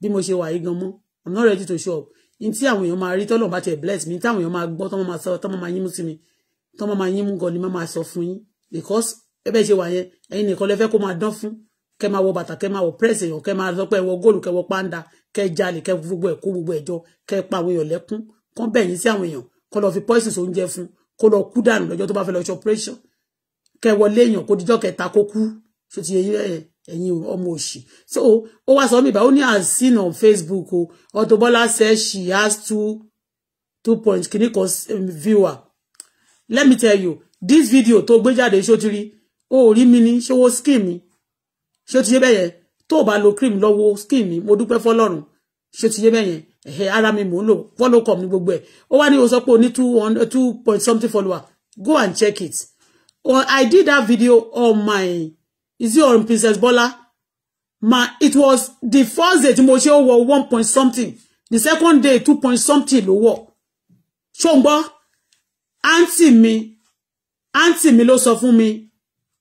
[SPEAKER 2] bí mo ṣe wà yìí gan mọ́ I'm not ready to show up in tí àwọn èèyàn máa rí tọ́lọ̀ bá tiẹ̀ bless mi táwọn èèyàn máa gbọ́ tọ́mọ máa sọ tọ́mọ máa yín mú sí mi tọ́mọ máa yín mú gan ni má máa sọ fún yín because ẹbẹ́ wa wà yẹn ẹ̀yin nìkan lẹ́fẹ́ kó máa dán fún kẹ́ máa wọ bàtà kẹ́ máa wọ press èèyàn kẹ́ máa sọ pé ẹ wọ góòlù kẹ́ wọ pàǹdà kẹ́ jalè kẹ́ gbogbo ẹ̀ kó gbogbo ẹ̀jọ́ kẹ́ pa àwọn èèyàn lẹ́kún kán bẹ̀yìn sí àwọn èèyàn kán lọ fi poison oúnjẹ fún kó lọ kú dànù lọ́jọ́ to bá fẹ́ lọ ṣe operation kẹ wọlé èèyàn kó dijọ́ kẹta kó kú so ti yẹ ẹ̀yin ọmọ òṣì so ó wá sọ mi bá ó ní as seen on Facebook o Auto Bola says she has two two point kìíní kan um, viewer let me tell you this video tó gbé jáde ṣó ti rí ó rí mi ní ṣé wo skin mi ṣó ti yé bẹ́yẹn tó o lo cream lọ́wọ́ skin mi mo dúpẹ́ fọlọ́run ṣó ti yé bẹ́yẹn ara mi mò ń lò follow com ní gbogbo ẹ̀ ó wá ní o sọ pé o ní two one two point something follower go and check it or I did that video on my is it on Princess Bola ma it was the first day tí mo ṣe ó wọ one point something the second day two point something ló wọ̀ ṣóńgbọ́ àǹtí mi àǹtí mi ló sọ fún mi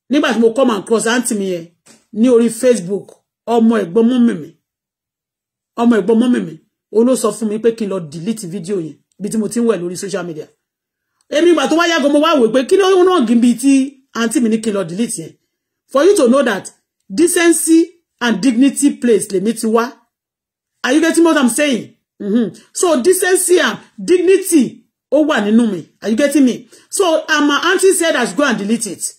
[SPEAKER 2] nígbà tí mo come and cross àǹtí mi yẹn ní orí Facebook ọmọ ẹ̀gbọ́n mọ́mì mi ọmọ ẹ̀gbọ́n mọ́mì mi ó ló So fún mi pé kí n delete video. yẹn bí tí mo ti ń wẹ̀ social media èmi ìgbà tó wá yàgò mo wá wò pé kí ló ń ràn gíbi tí àǹtí mi ní kí n delete yẹn for you to know that decency and dignity place lèmi ti wá are you getting what i'm saying mm -hmm. so decency and dignity ó wà nínú mi are you getting me so and my aunty said as go and delete it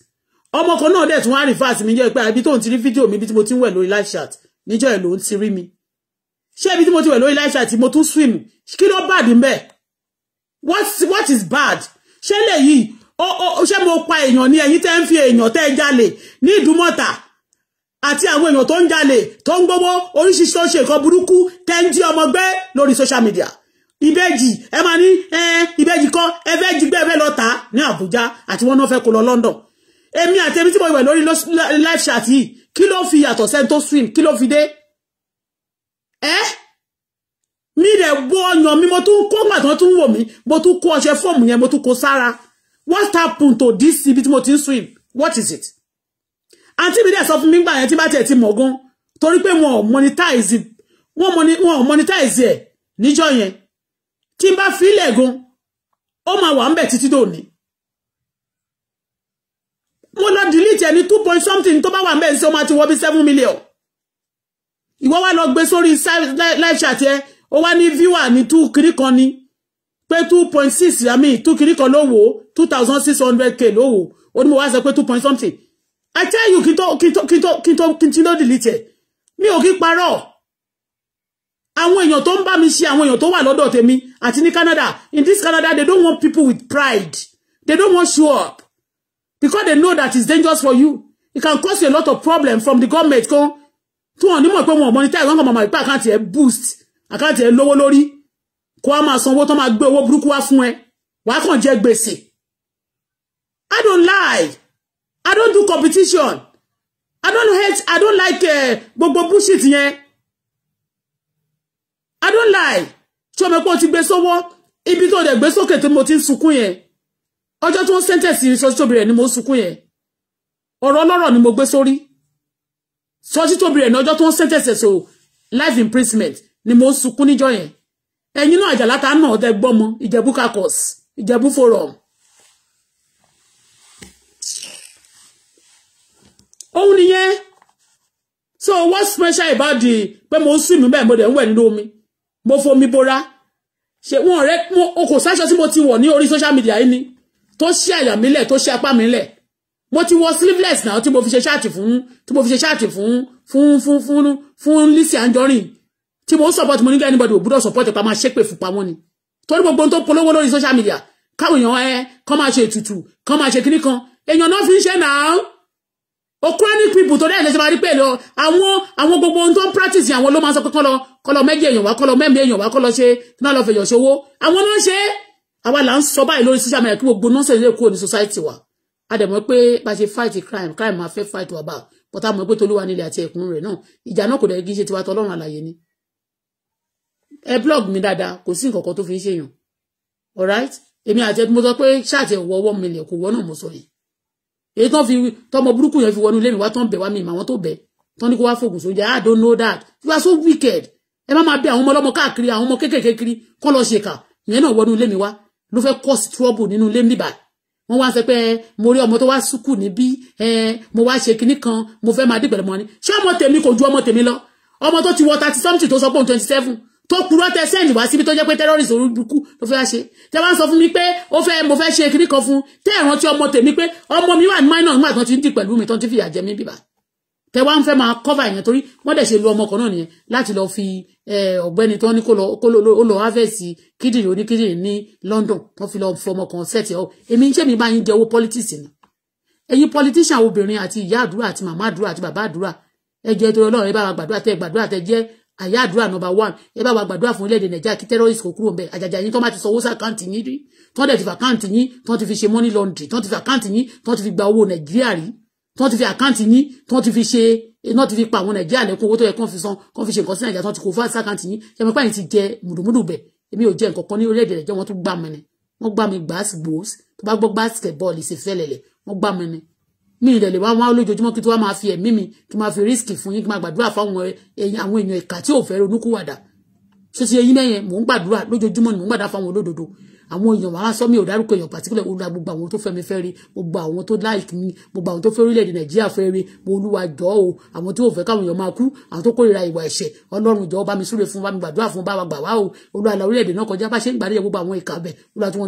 [SPEAKER 2] ọmọ kan náà dẹ̀ tún wá rìfáàsì mi jẹ́ pé àbí tóun ti rí fídíò mi bí tí mo ti ń wẹ̀ live chat níjọ́ ẹ̀ lòun ti rí mi ṣé ibi tí mo ti wẹ̀ lórí láìṣà tí mo tún swim kí ló bad ńbẹ̀ what is bad ṣé lèyìí ṣé mo pa èèyàn ní ẹ̀yin tẹ́ ń fi èèyàn tẹ́ jalè ní ìdúmọ̀tà àti àwọn èèyàn tó ń jalè tó ń gbówó oríṣiríṣi tó ń ṣe nǹkan burúkú tẹ́ ń jí ọmọ gbé lórí social media ìbejì ẹ máa ní ìbejì kọ ẹ fẹ́ jí gbé ẹ fẹ́ lọ tà ní Àbújá àti wọn náà fẹ́ kó lọ London èmi àti èmi tí mo wẹ̀ lórí live chat yìí kí ló fi yàtọ̀ sẹ́ni swim kí ló fi dé ẹ́ mi dẹ̀ bo ọyàn mi mo tún kó ngbà tí wọ́n tún wò mí mo tún kó ọṣẹ fọ́ọ̀mù yẹn mo tún kó sára what happened to this ibi tí mo ti ń swim what is it àǹtí mi dẹ̀ sọ fún mi gbà yẹn tí bá tiẹ̀ ti mọ̀ gan torí pé wọn ò monetize wọn ò monetize ẹ̀ níjọ́ yẹn tí n bá filẹ̀ gan ó máa wà ń bẹ̀ títí dòní mo lọ delete ẹni two point something tó bá wà ń bẹ̀ ń sẹ́ ó máa ti bí seven million ìwọ wá lọ gbé sórí live chat yẹn ó wá ní viewer ní two kiri kan ni pé two point six i mean two kiri kan ló wò ó two thousand six hundred k ló wò ó ní mo wá sọ pé two point something i tell you kí n tó kí n tó kí n tó kí n tó kí n tí ló delete mi ò kí parọ́ àwọn èèyàn tó ń bá mi ṣe àwọn èèyàn tó wà lọ́dọ̀ tèmi àti ní Canada in this Canada they don't want people with pride they don't want show up because they know that it's dangerous for you it can cause you a lot of problem from the government kan tí wọ́n nímọ̀ pé wọn ò monetize wọ́n kàn máa máa àkáǹtì ẹ̀ boost àkáǹtì ẹ̀ lówó lórí kó a máa sanwó tó máa gbé owó burúkú wá fún ẹ wàá kàn jẹ gbèsè I don't lie I don't do competition I don't hate I don't like eh, gbogbo uh, bullshit yẹn I don't lie tí ọmọ ẹ̀pọ̀ ti gbé sọ́wọ́ ibi tó dẹ̀ gbé sókè tí mo ti ń sunkún yẹn ọjọ́ tí wọ́n sẹ́ńtẹ̀sì ìṣọ́sí ni mo ń sunkún yẹn ọ̀rọ̀ ọlọ́rọ̀ ni mo gbé sórí Sọ́jí tó bìrẹ̀ lọ́jọ́ tó ń sẹ́tẹ̀sẹ̀ so life imprisonment ni mo ń sunkún níjọ́ yẹn ẹ̀yin náà àjàlá ta náà tẹ gbọ́mọ Ìjẹ̀bú kakọs Ìjẹ̀bú forum. òun nìyẹn so what special about the pé mo ń sùn mí bẹ́ẹ̀ mo dẹ̀ ń wẹ̀ nínú omi mo fomi bora ṣe wọn rẹ o kò sáṣọ tí mo ti wọ̀ ní orí social media yìí ni tó ṣí àyà mi lẹ̀ tó ṣí apá mi lẹ̀ mo ti wọ sleeveless now. tí mo fi ṣe ṣáàtì fún tí mo fi ṣe ṣáàtì fún fún fún fún fún Lizzy Anjorin tí mo ń support mo ní kí anybody ò gbúdọ̀ support pa máa ṣépè fún pamọ́ ni torí gbogbo tó polówó lórí social media káwọn èèyàn eh? kán máa ṣe ètùtù kán máa ṣe kíní kan èèyàn náà fi ń ṣe náà o chronic people torí ẹ̀ lẹ́sẹ̀ máa rí pé lọ àwọn àwọn gbogbo ohun tó ń practice àwọn ló máa sọ pé kọ́ lọ kọ́ lọ méjì èèyàn wá kọ́ lọ mẹ́mí èèyàn wá kọ́ lọ ṣe kí náà lọ fẹ̀yàn ṣòwò àwọn ló ń ṣe àwa là ń sọ báyìí lórí social media kí gbogbo nọ́ọ̀sẹ̀ ilé kúrò ní society wa a dẹ̀ mọ̀ pé bá ṣe fight crime crime máa fẹ́ fight wa bá but a mọ̀ pé tolúwa nílẹ̀ àti ẹ̀kún rẹ̀ náà ìjà náà kò dẹ̀ kí n ṣe tiwa tọ́lọ́run àlàyé ni ẹ blog mi dáadáa kò sí nǹkan kan tó fi ń ṣèyàn alright èmi àti ẹbí mo sọ pé ṣáàtì ẹ̀wọ̀ ọwọ́ mi lẹ̀ kò wọ́n náà mo sọ yìí èyí tán fi tọmọ burúkú yẹn fi wọnú ilé mi wá tán bẹ̀ wá mi ìmọ̀ àwọn tó bẹ̀ tán ní kó wá fògùn sóúnjẹ ah, I don't know that you are so wicked ẹ má máa bẹ àwọn ọmọ ọlọ́mọ káàkiri àwọn ọmọ kéékèèké kiri kọ́ lọ ṣèkà ìyẹn náà wọnú ilé mi wá ló fẹ́ cause trouble nínú ilé mi báyìí wọ́n wá sọ pé mo rí wa tó wá sùkù níbí mo wá ṣe kinní kan mo fẹ́ máa dìgbẹ̀lẹ̀ mọ́ ni ṣé ọmọ tèmi kò ju ọmọ tèmi lọ ọmọ tó ti wọ thirty something tó sọ pé òun twenty seven tó purọ́ tẹ sẹ́ẹ̀nì wá síbi tó jẹ́ pé terrorist orúkú ló fẹ́ ṣe tẹ́ wá ń sọ fún mi pé ó fẹ́ mo fẹ́ ṣe kinní kan fún tẹ́ ẹ̀rántí ọmọ tèmi pé ọmọ mi wà ní minor nígbà tó ti ń dì mi tó ti fìyà jẹ mí bíbáyìí tẹ wá ń fẹ́ máa cover èèyàn torí wọ́n dẹ̀ ṣe lu ọmọ kan náà nìyẹn láti lọ fi ọ̀gbẹ́ni tó ní kó lọ harvest kídìrín oní kídìrín ní London tó fi lọ fọmọ kan sẹ́ẹ̀tì ọ èmi ń ṣe mi bá yín owó politics ni ẹ̀yin politician obìnrin àti ìyá àdúrà àti màmá àdúrà àti bàbá àdúrà ẹ jẹ́ torí Ọlọ́run ẹ bá wa gbàdúrà tẹ gbàdúrà tẹ jẹ́ àyà àdúrà number one ẹ bá wa gbàdúrà fún orílẹ̀-èdè nàìjíríà kí terrorist kò kúrò ń bẹ̀ àjàjà yín tó máa ti sanwó laundry tó ti fàkáǹtì yín tó ti fi gba owó nàìjíríà tí wọ́n ti fi àkáǹtì yín tí wọ́n ti fi ṣe iná ti fi pa àwọn nàìjíríà lẹ́kún owó tó yẹ kán fi san kán fi ṣe nǹkan sí nàìjíríà tí wọ́n ti kó fáṣí àkáǹtì yín ẹ̀mí pààyàn ti jẹ mùdùmùdù bẹ̀ èmi ò jẹ nǹkan kan ní orílẹ̀-èdè rẹ̀ jẹ́ wọ́n tún gbà mí ni wọ́n gbà mí gbàásì gbòòsì tó bá gbọ́ basketball ṣe fẹ́lẹ̀lẹ̀ wọ́n gbà mí ni mi ìdẹ̀ lè wá wọn lójoojúmọ́ kí tó wá máa fi ẹ̀mí mi kí máa fi rísìkì fún yín kí máa gbàdúrà fáwọn àwọn èèyàn ìka tí ò fẹ́ ronúkúwàdà ṣé ti eyín mẹ́yẹn mò ń gbàdúrà lójoojúmọ́ ni mò ń gbàdúrà fáwọn olódodo àwọn èèyàn wàá sọ mi ò dárúkọ èèyàn pàtíkùlẹ̀ olúwa gbogbo àwọn tó fẹ́ mi rí gbogbo àwọn tó like mi gbogbo àwọn tó fẹ́ orílẹ̀-èdè nàìjíríà fẹ́ rí mo olúwa jọ o àwọn tí ò fẹ́ káwọn èèyàn máa kú àwọn tó kórìíra ìwà ẹ̀ṣẹ̀ ọlọ́run jọ bá mi súre fún bá mi gbàdúrà fún bá wa gbà wá o olúwa la orílẹ̀-èdè náà kọjá bá ṣe ń gbàdúrà gbogbo àwọn ìkà bẹ̀ olúwa tí wọ́n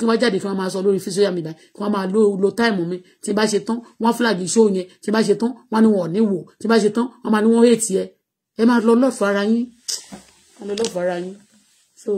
[SPEAKER 2] kí wọn jáde kí wọn máa sọ lórí fíṣọyà mi báyìí kí wọn máa lo lo táìmù mi tí bá ṣe tán wọn fúlàgì iṣó yẹn tí bá ṣe tán wọn ni wọn ò ní wò tí bá ṣe tán wọn máa ní wọn hẹ̀tì ẹ ẹ máa lọ lọ́fọ̀ ara yín so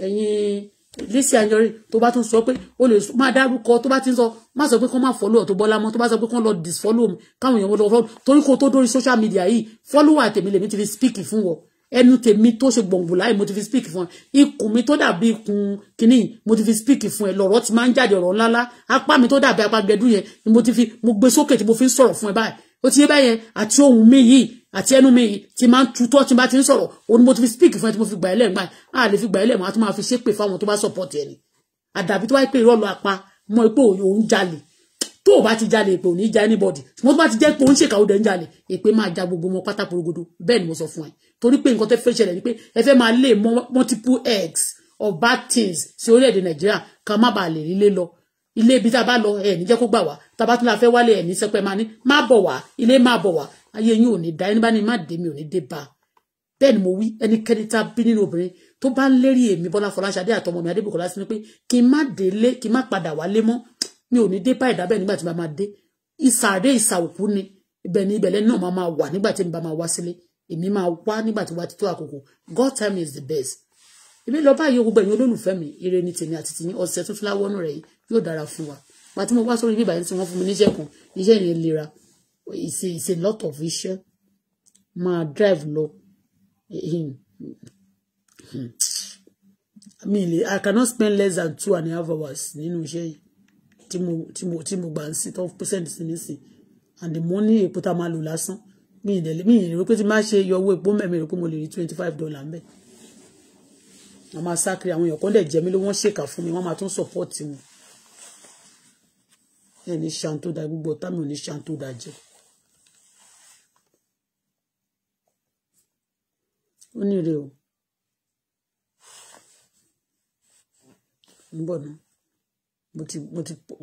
[SPEAKER 2] ẹ̀yin Lizzy Anjorin tó bá tún sọ pé o lè máa dárúkọ tó bá ti ń sọ má sọ pé kán máa fọ́lọ́ Auto Bola mọ́ tó bá sọ pé kán lọ disfollow mi káwọn èèyàn lọ fọ́lọ́ torí kó tó dórí social media yìí follower tèmi lèmi ti fi speak fún wọn ẹnu tèmi tó ṣe gbọ̀ngbò láì mo ti fi speak fún ẹ ikùn mi tó dàbí ikùn kínní mo ti fi speak fún ẹ lọ̀rọ̀ ti máa ń jáde ọ̀rọ̀ ńláńlá apá mi tó dàbí apá gbẹdú yẹn ni mo ti fi mo gbé sókè tí mo fi ń sọ̀rọ̀ fún ẹ báyìí ó ti yé báyẹn àti ohun mi yìí àti ẹnu mi ti máa ń tutọ́ tí n bá ti ń sọ̀rọ̀ òun ni mo ti fi speak fún ẹ tí mo fi gbà ẹ lẹ́ẹ̀mọ́ à lè fi gbà ẹ lẹ́ẹ̀mọ́ àti fi ṣépè fáwọn tó bá support ẹ ni àdàbí tó bá pè rọ́ọ̀lù apá mọ pé òun jalè tó o bá ti jalè èpè ò ní ja anybody ṣùgbọ́n tó bá ti jẹ́ pé òun ṣèkà ó dẹ̀ ń jalè èpè máa ja gbogbo wọn pátá porogodo bẹ́ẹ̀ ni mo sọ fún ẹ torí pé nǹkan tẹ́ fẹ́ ṣẹlẹ̀ ni pé ẹ fẹ́ máa lé multiple eggs or bad things sí orílẹ̀-èdè nàìjíríà ká má bàa lè rí lé lọ ilé ibi tá a bá lọ ẹ níjẹ́ kó gbà wá tá a bá tún la fẹ́ wálé ẹ ní sẹpẹ máa ní má bọ̀ wá ilé má bọ̀ wá ayé yín ò ní da ẹni bá ní má dé mi ò ní dé bá bẹ́ẹ̀ ni mo wí ẹnikẹ́ni tá a bí nínú obìnrin tó bá ń lérí èmi Bọ́lá Fọláṣadé àtọmọ mi Adébùkọ́lá sí ni pé kí n má délé kí n má padà wálé mọ́ mi ò ní dé bá ìdábẹ nígbà tí n bá máa dé ìsàdé ìsàòkú ni ibẹ̀ ni ibẹlẹ náà máa máa wà nígbà tí n bá máa wá sílé èmi máa wá nígbà tí wàá tó àkókò God time is the best èmi lọ báyìí gbogbo ẹ̀yin olólùfẹ́ mi ire ni tèmi àti tìyín ọ̀sẹ̀ tó fi láwọ́nù rẹ̀ yìí yóò dára fún wa pàtí mo wá sórí bíbá yẹn tí wọ́n fún mi níṣẹ́ kan iṣẹ́ yẹn lera ìṣe ìṣe lot of iṣẹ́ máa drive lọ hmm. mi le I cannot spend less than two and a half hours nínú iṣẹ́ yìí tí mo tí mo gbà ń sí twelve percent sí nísìn and the money epo tá a máa lò lásán mi ìdẹ̀lẹ̀ mi ìrìn pé tí máa ṣe yọ owó epo mẹ́rin rẹ̀ pé mo lè rí twenty five dollar ń bẹ̀ wọ́n máa sákiri àwọn èèyàn kan dẹ̀ jẹ́ mi ló wọ́n ṣèkà fún mi wọ́n máa tún support wọn ẹ̀ ní ṣan tó da gbogbo ọ̀tá mi ò ní ṣan tó da jẹ. ó ní ire o
[SPEAKER 1] ń bọ̀ náà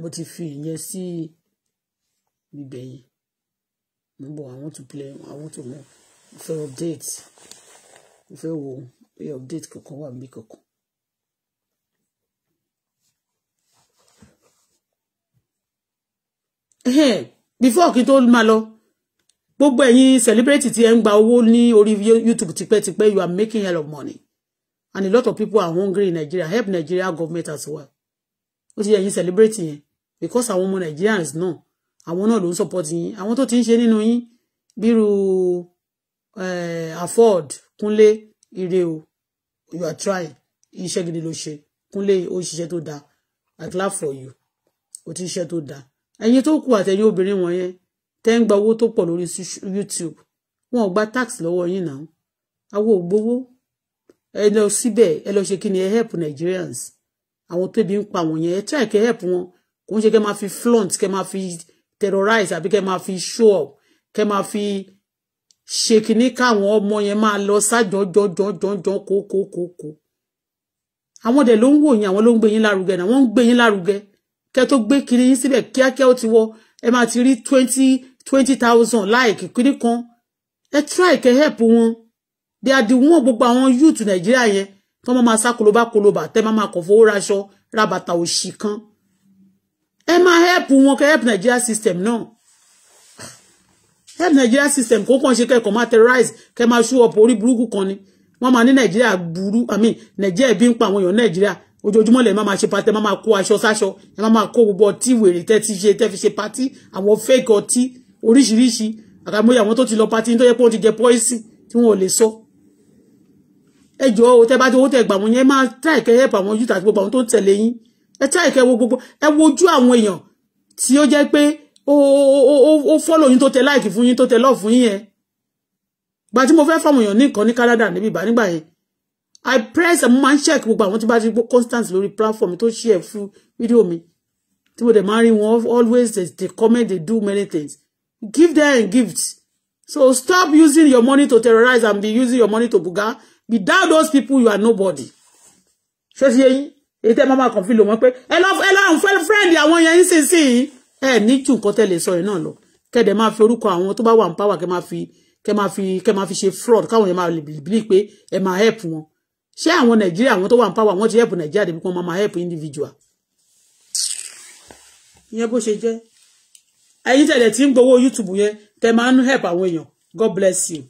[SPEAKER 1] mo ti fi ìyẹn sí ibẹ̀ yìí mo bọ̀ I want to play I want to mo fẹ́ update mo fẹ́ wo
[SPEAKER 2] pé update kankan wà níbí kankan. before kí n tó máa lọ gbogbo ẹ̀yin celebrity tí ẹ ń gba owó ní orí YouTube tipẹ́tipẹ́ you are making a lot of money and a lot of people are hungry in Nigeria help Nigeria government as well ó ti yẹ celebrity yẹn because àwọn ọmọ Nigerians no, àwọn náà ló ń support yín àwọn tó ti ń ṣe nínú biru bírú eh, afford kúnlé ire o you are trying iṣẹ́ gidi ló ṣe kúnlé ó ṣiṣẹ́ tó dáa I clap for you ó ti ṣiṣẹ́ tó dáa ẹ̀yin tó kù àtẹ̀yin obìnrin wọ̀nyẹn tẹ́ ń gba owó tó pọ̀ lórí YouTube wọn ò gba tax lọ́wọ́ yín náà àwọn ò gbowó ẹ lọ síbẹ̀ ẹ lọ ṣe kí ni ẹ help Nigerians àwọn tóbi ń pa wọ̀nyẹn ẹ try kẹ́ help wọn kò ń ṣe kẹ́ máa fi flaunt kẹ́ máa fi terrorize àbí kẹ́ máa fi show up kẹ́ máa fi ṣe kìíní káwọn ọmọ yẹn máa lọ sájọjọjọjọjọ kókókókó àwọn dẹ̀ ló ń wò yín àwọn ló ń gbé yín lárugẹ náà wọ́n ń gbé yín lárugẹ kẹ́ tó gbé kiri yín síbẹ̀ kíákíá ó ti wọ ẹ máa ti rí twenty twenty thousand like kiri kan ẹ try kẹ́ help wọn they are the one gbogbo àwọn youth nàìjíríà yẹn tó máa ma sá kolobá kolobá tẹ́ máa ma kàn fowó raṣọ ra bàtà òṣì kan ẹ máa help wọn kẹ́ help Nigeria system náà help Nigeria system kó kàn ṣe kẹ́kọ̀ọ́ máa terrorize kẹ́ máa show up orí burúkú kan ni wọ́n máa ní nàìjíríà burú i mean nàìjíríà bí ń pa àwọn èèyàn nàìjíríà ojoojúmọ́ lẹ̀ máa ma ṣe pati ẹ máa ma kó aṣọ sáṣọ ẹ máa ma kó gbogbo ọtí wèrè tẹ́ ti ṣe tẹ́ fi ṣe pati àwọn fake ọtí oríṣiríṣi àkàmúyẹ àwọn tó ti lọ pati tó yẹ pé wọ́n ti jẹ pọ́ìsì tí wọ́n ò lè sọ. ẹ jọ o tẹ bá jọ owó tẹ gbà wọn yẹn máa tá ìkẹ́ yẹ̀pọ̀ àwọn ojú tàbí gbogbo àwọn tó ń tẹ̀lé yín ẹ tá ìkẹ́ wo gbogbo ẹ wojú àwọn èèyàn tí ó jẹ́ pé ó fọ́lọ̀ yín tó tẹ láìkì fún yín tó tẹ lọ́ọ̀ fún yín yẹn gbà tí mo fẹ́ fáwọn èèyàn ní nǹkan ní Canada níbí ìbá nígbà yẹn I press a man. check gbogbo àwọn tí bá ti gbó constant lórí platform tó share fún fídíò mi tí mo dẹ̀ máa wọn always they, comment they do many things give them gifts so stop using your money to terrorize and be using your money to buga without those people you are nobody ṣé ti yẹn èyí tẹ́ máa kàn fi lò wọ́n pé ẹ lọ ẹ lọ fẹ́ friend àwọn yẹn ń sìn sí ẹ ní jù nǹkan tẹ́ lè sọ yẹn náà lọ kẹ́dẹ̀ máa fi orúkọ àwọn tó bá wà ń pàwà kẹ́ máa fi kẹ́ máa fi kẹ́ máa fi ṣe fraud káwọn yẹn máa believe pé ẹ máa help wọn ṣé àwọn nàìjíríà àwọn tó wà ní power wọn ti help nàìjíríà débi kan máa help individual ìyẹn bó ṣe jẹ́ ẹ̀yin tẹ̀lé tí ń gbowó youtube yẹn tẹ máa ń help àwọn èèyàn god bless you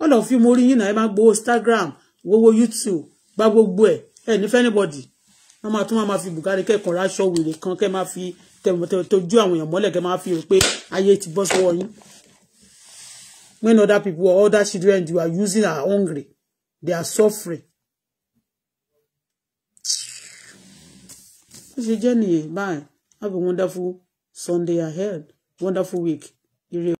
[SPEAKER 2] all of you mo rí yín náà ẹ máa gbowó instagram gbowó youtube gba gbogbo ẹ ẹ nífẹ̀ẹ́ anybody wọ́n máa tún máa fi bùkárí kẹ́kọ̀ọ́ ráṣọ wèrè kan kẹ́ máa fi tẹ̀mọ̀tẹ̀mọ̀tẹ̀jú àwọn èèyàn mọ́lẹ̀ kẹ́ máa fi rò pé ayé ti bọ́ sọ́wọ́ yín when other people or other children you are using are hungry they are suffering It's a journey. bye have a wonderful Sunday ahead wonderful week ire.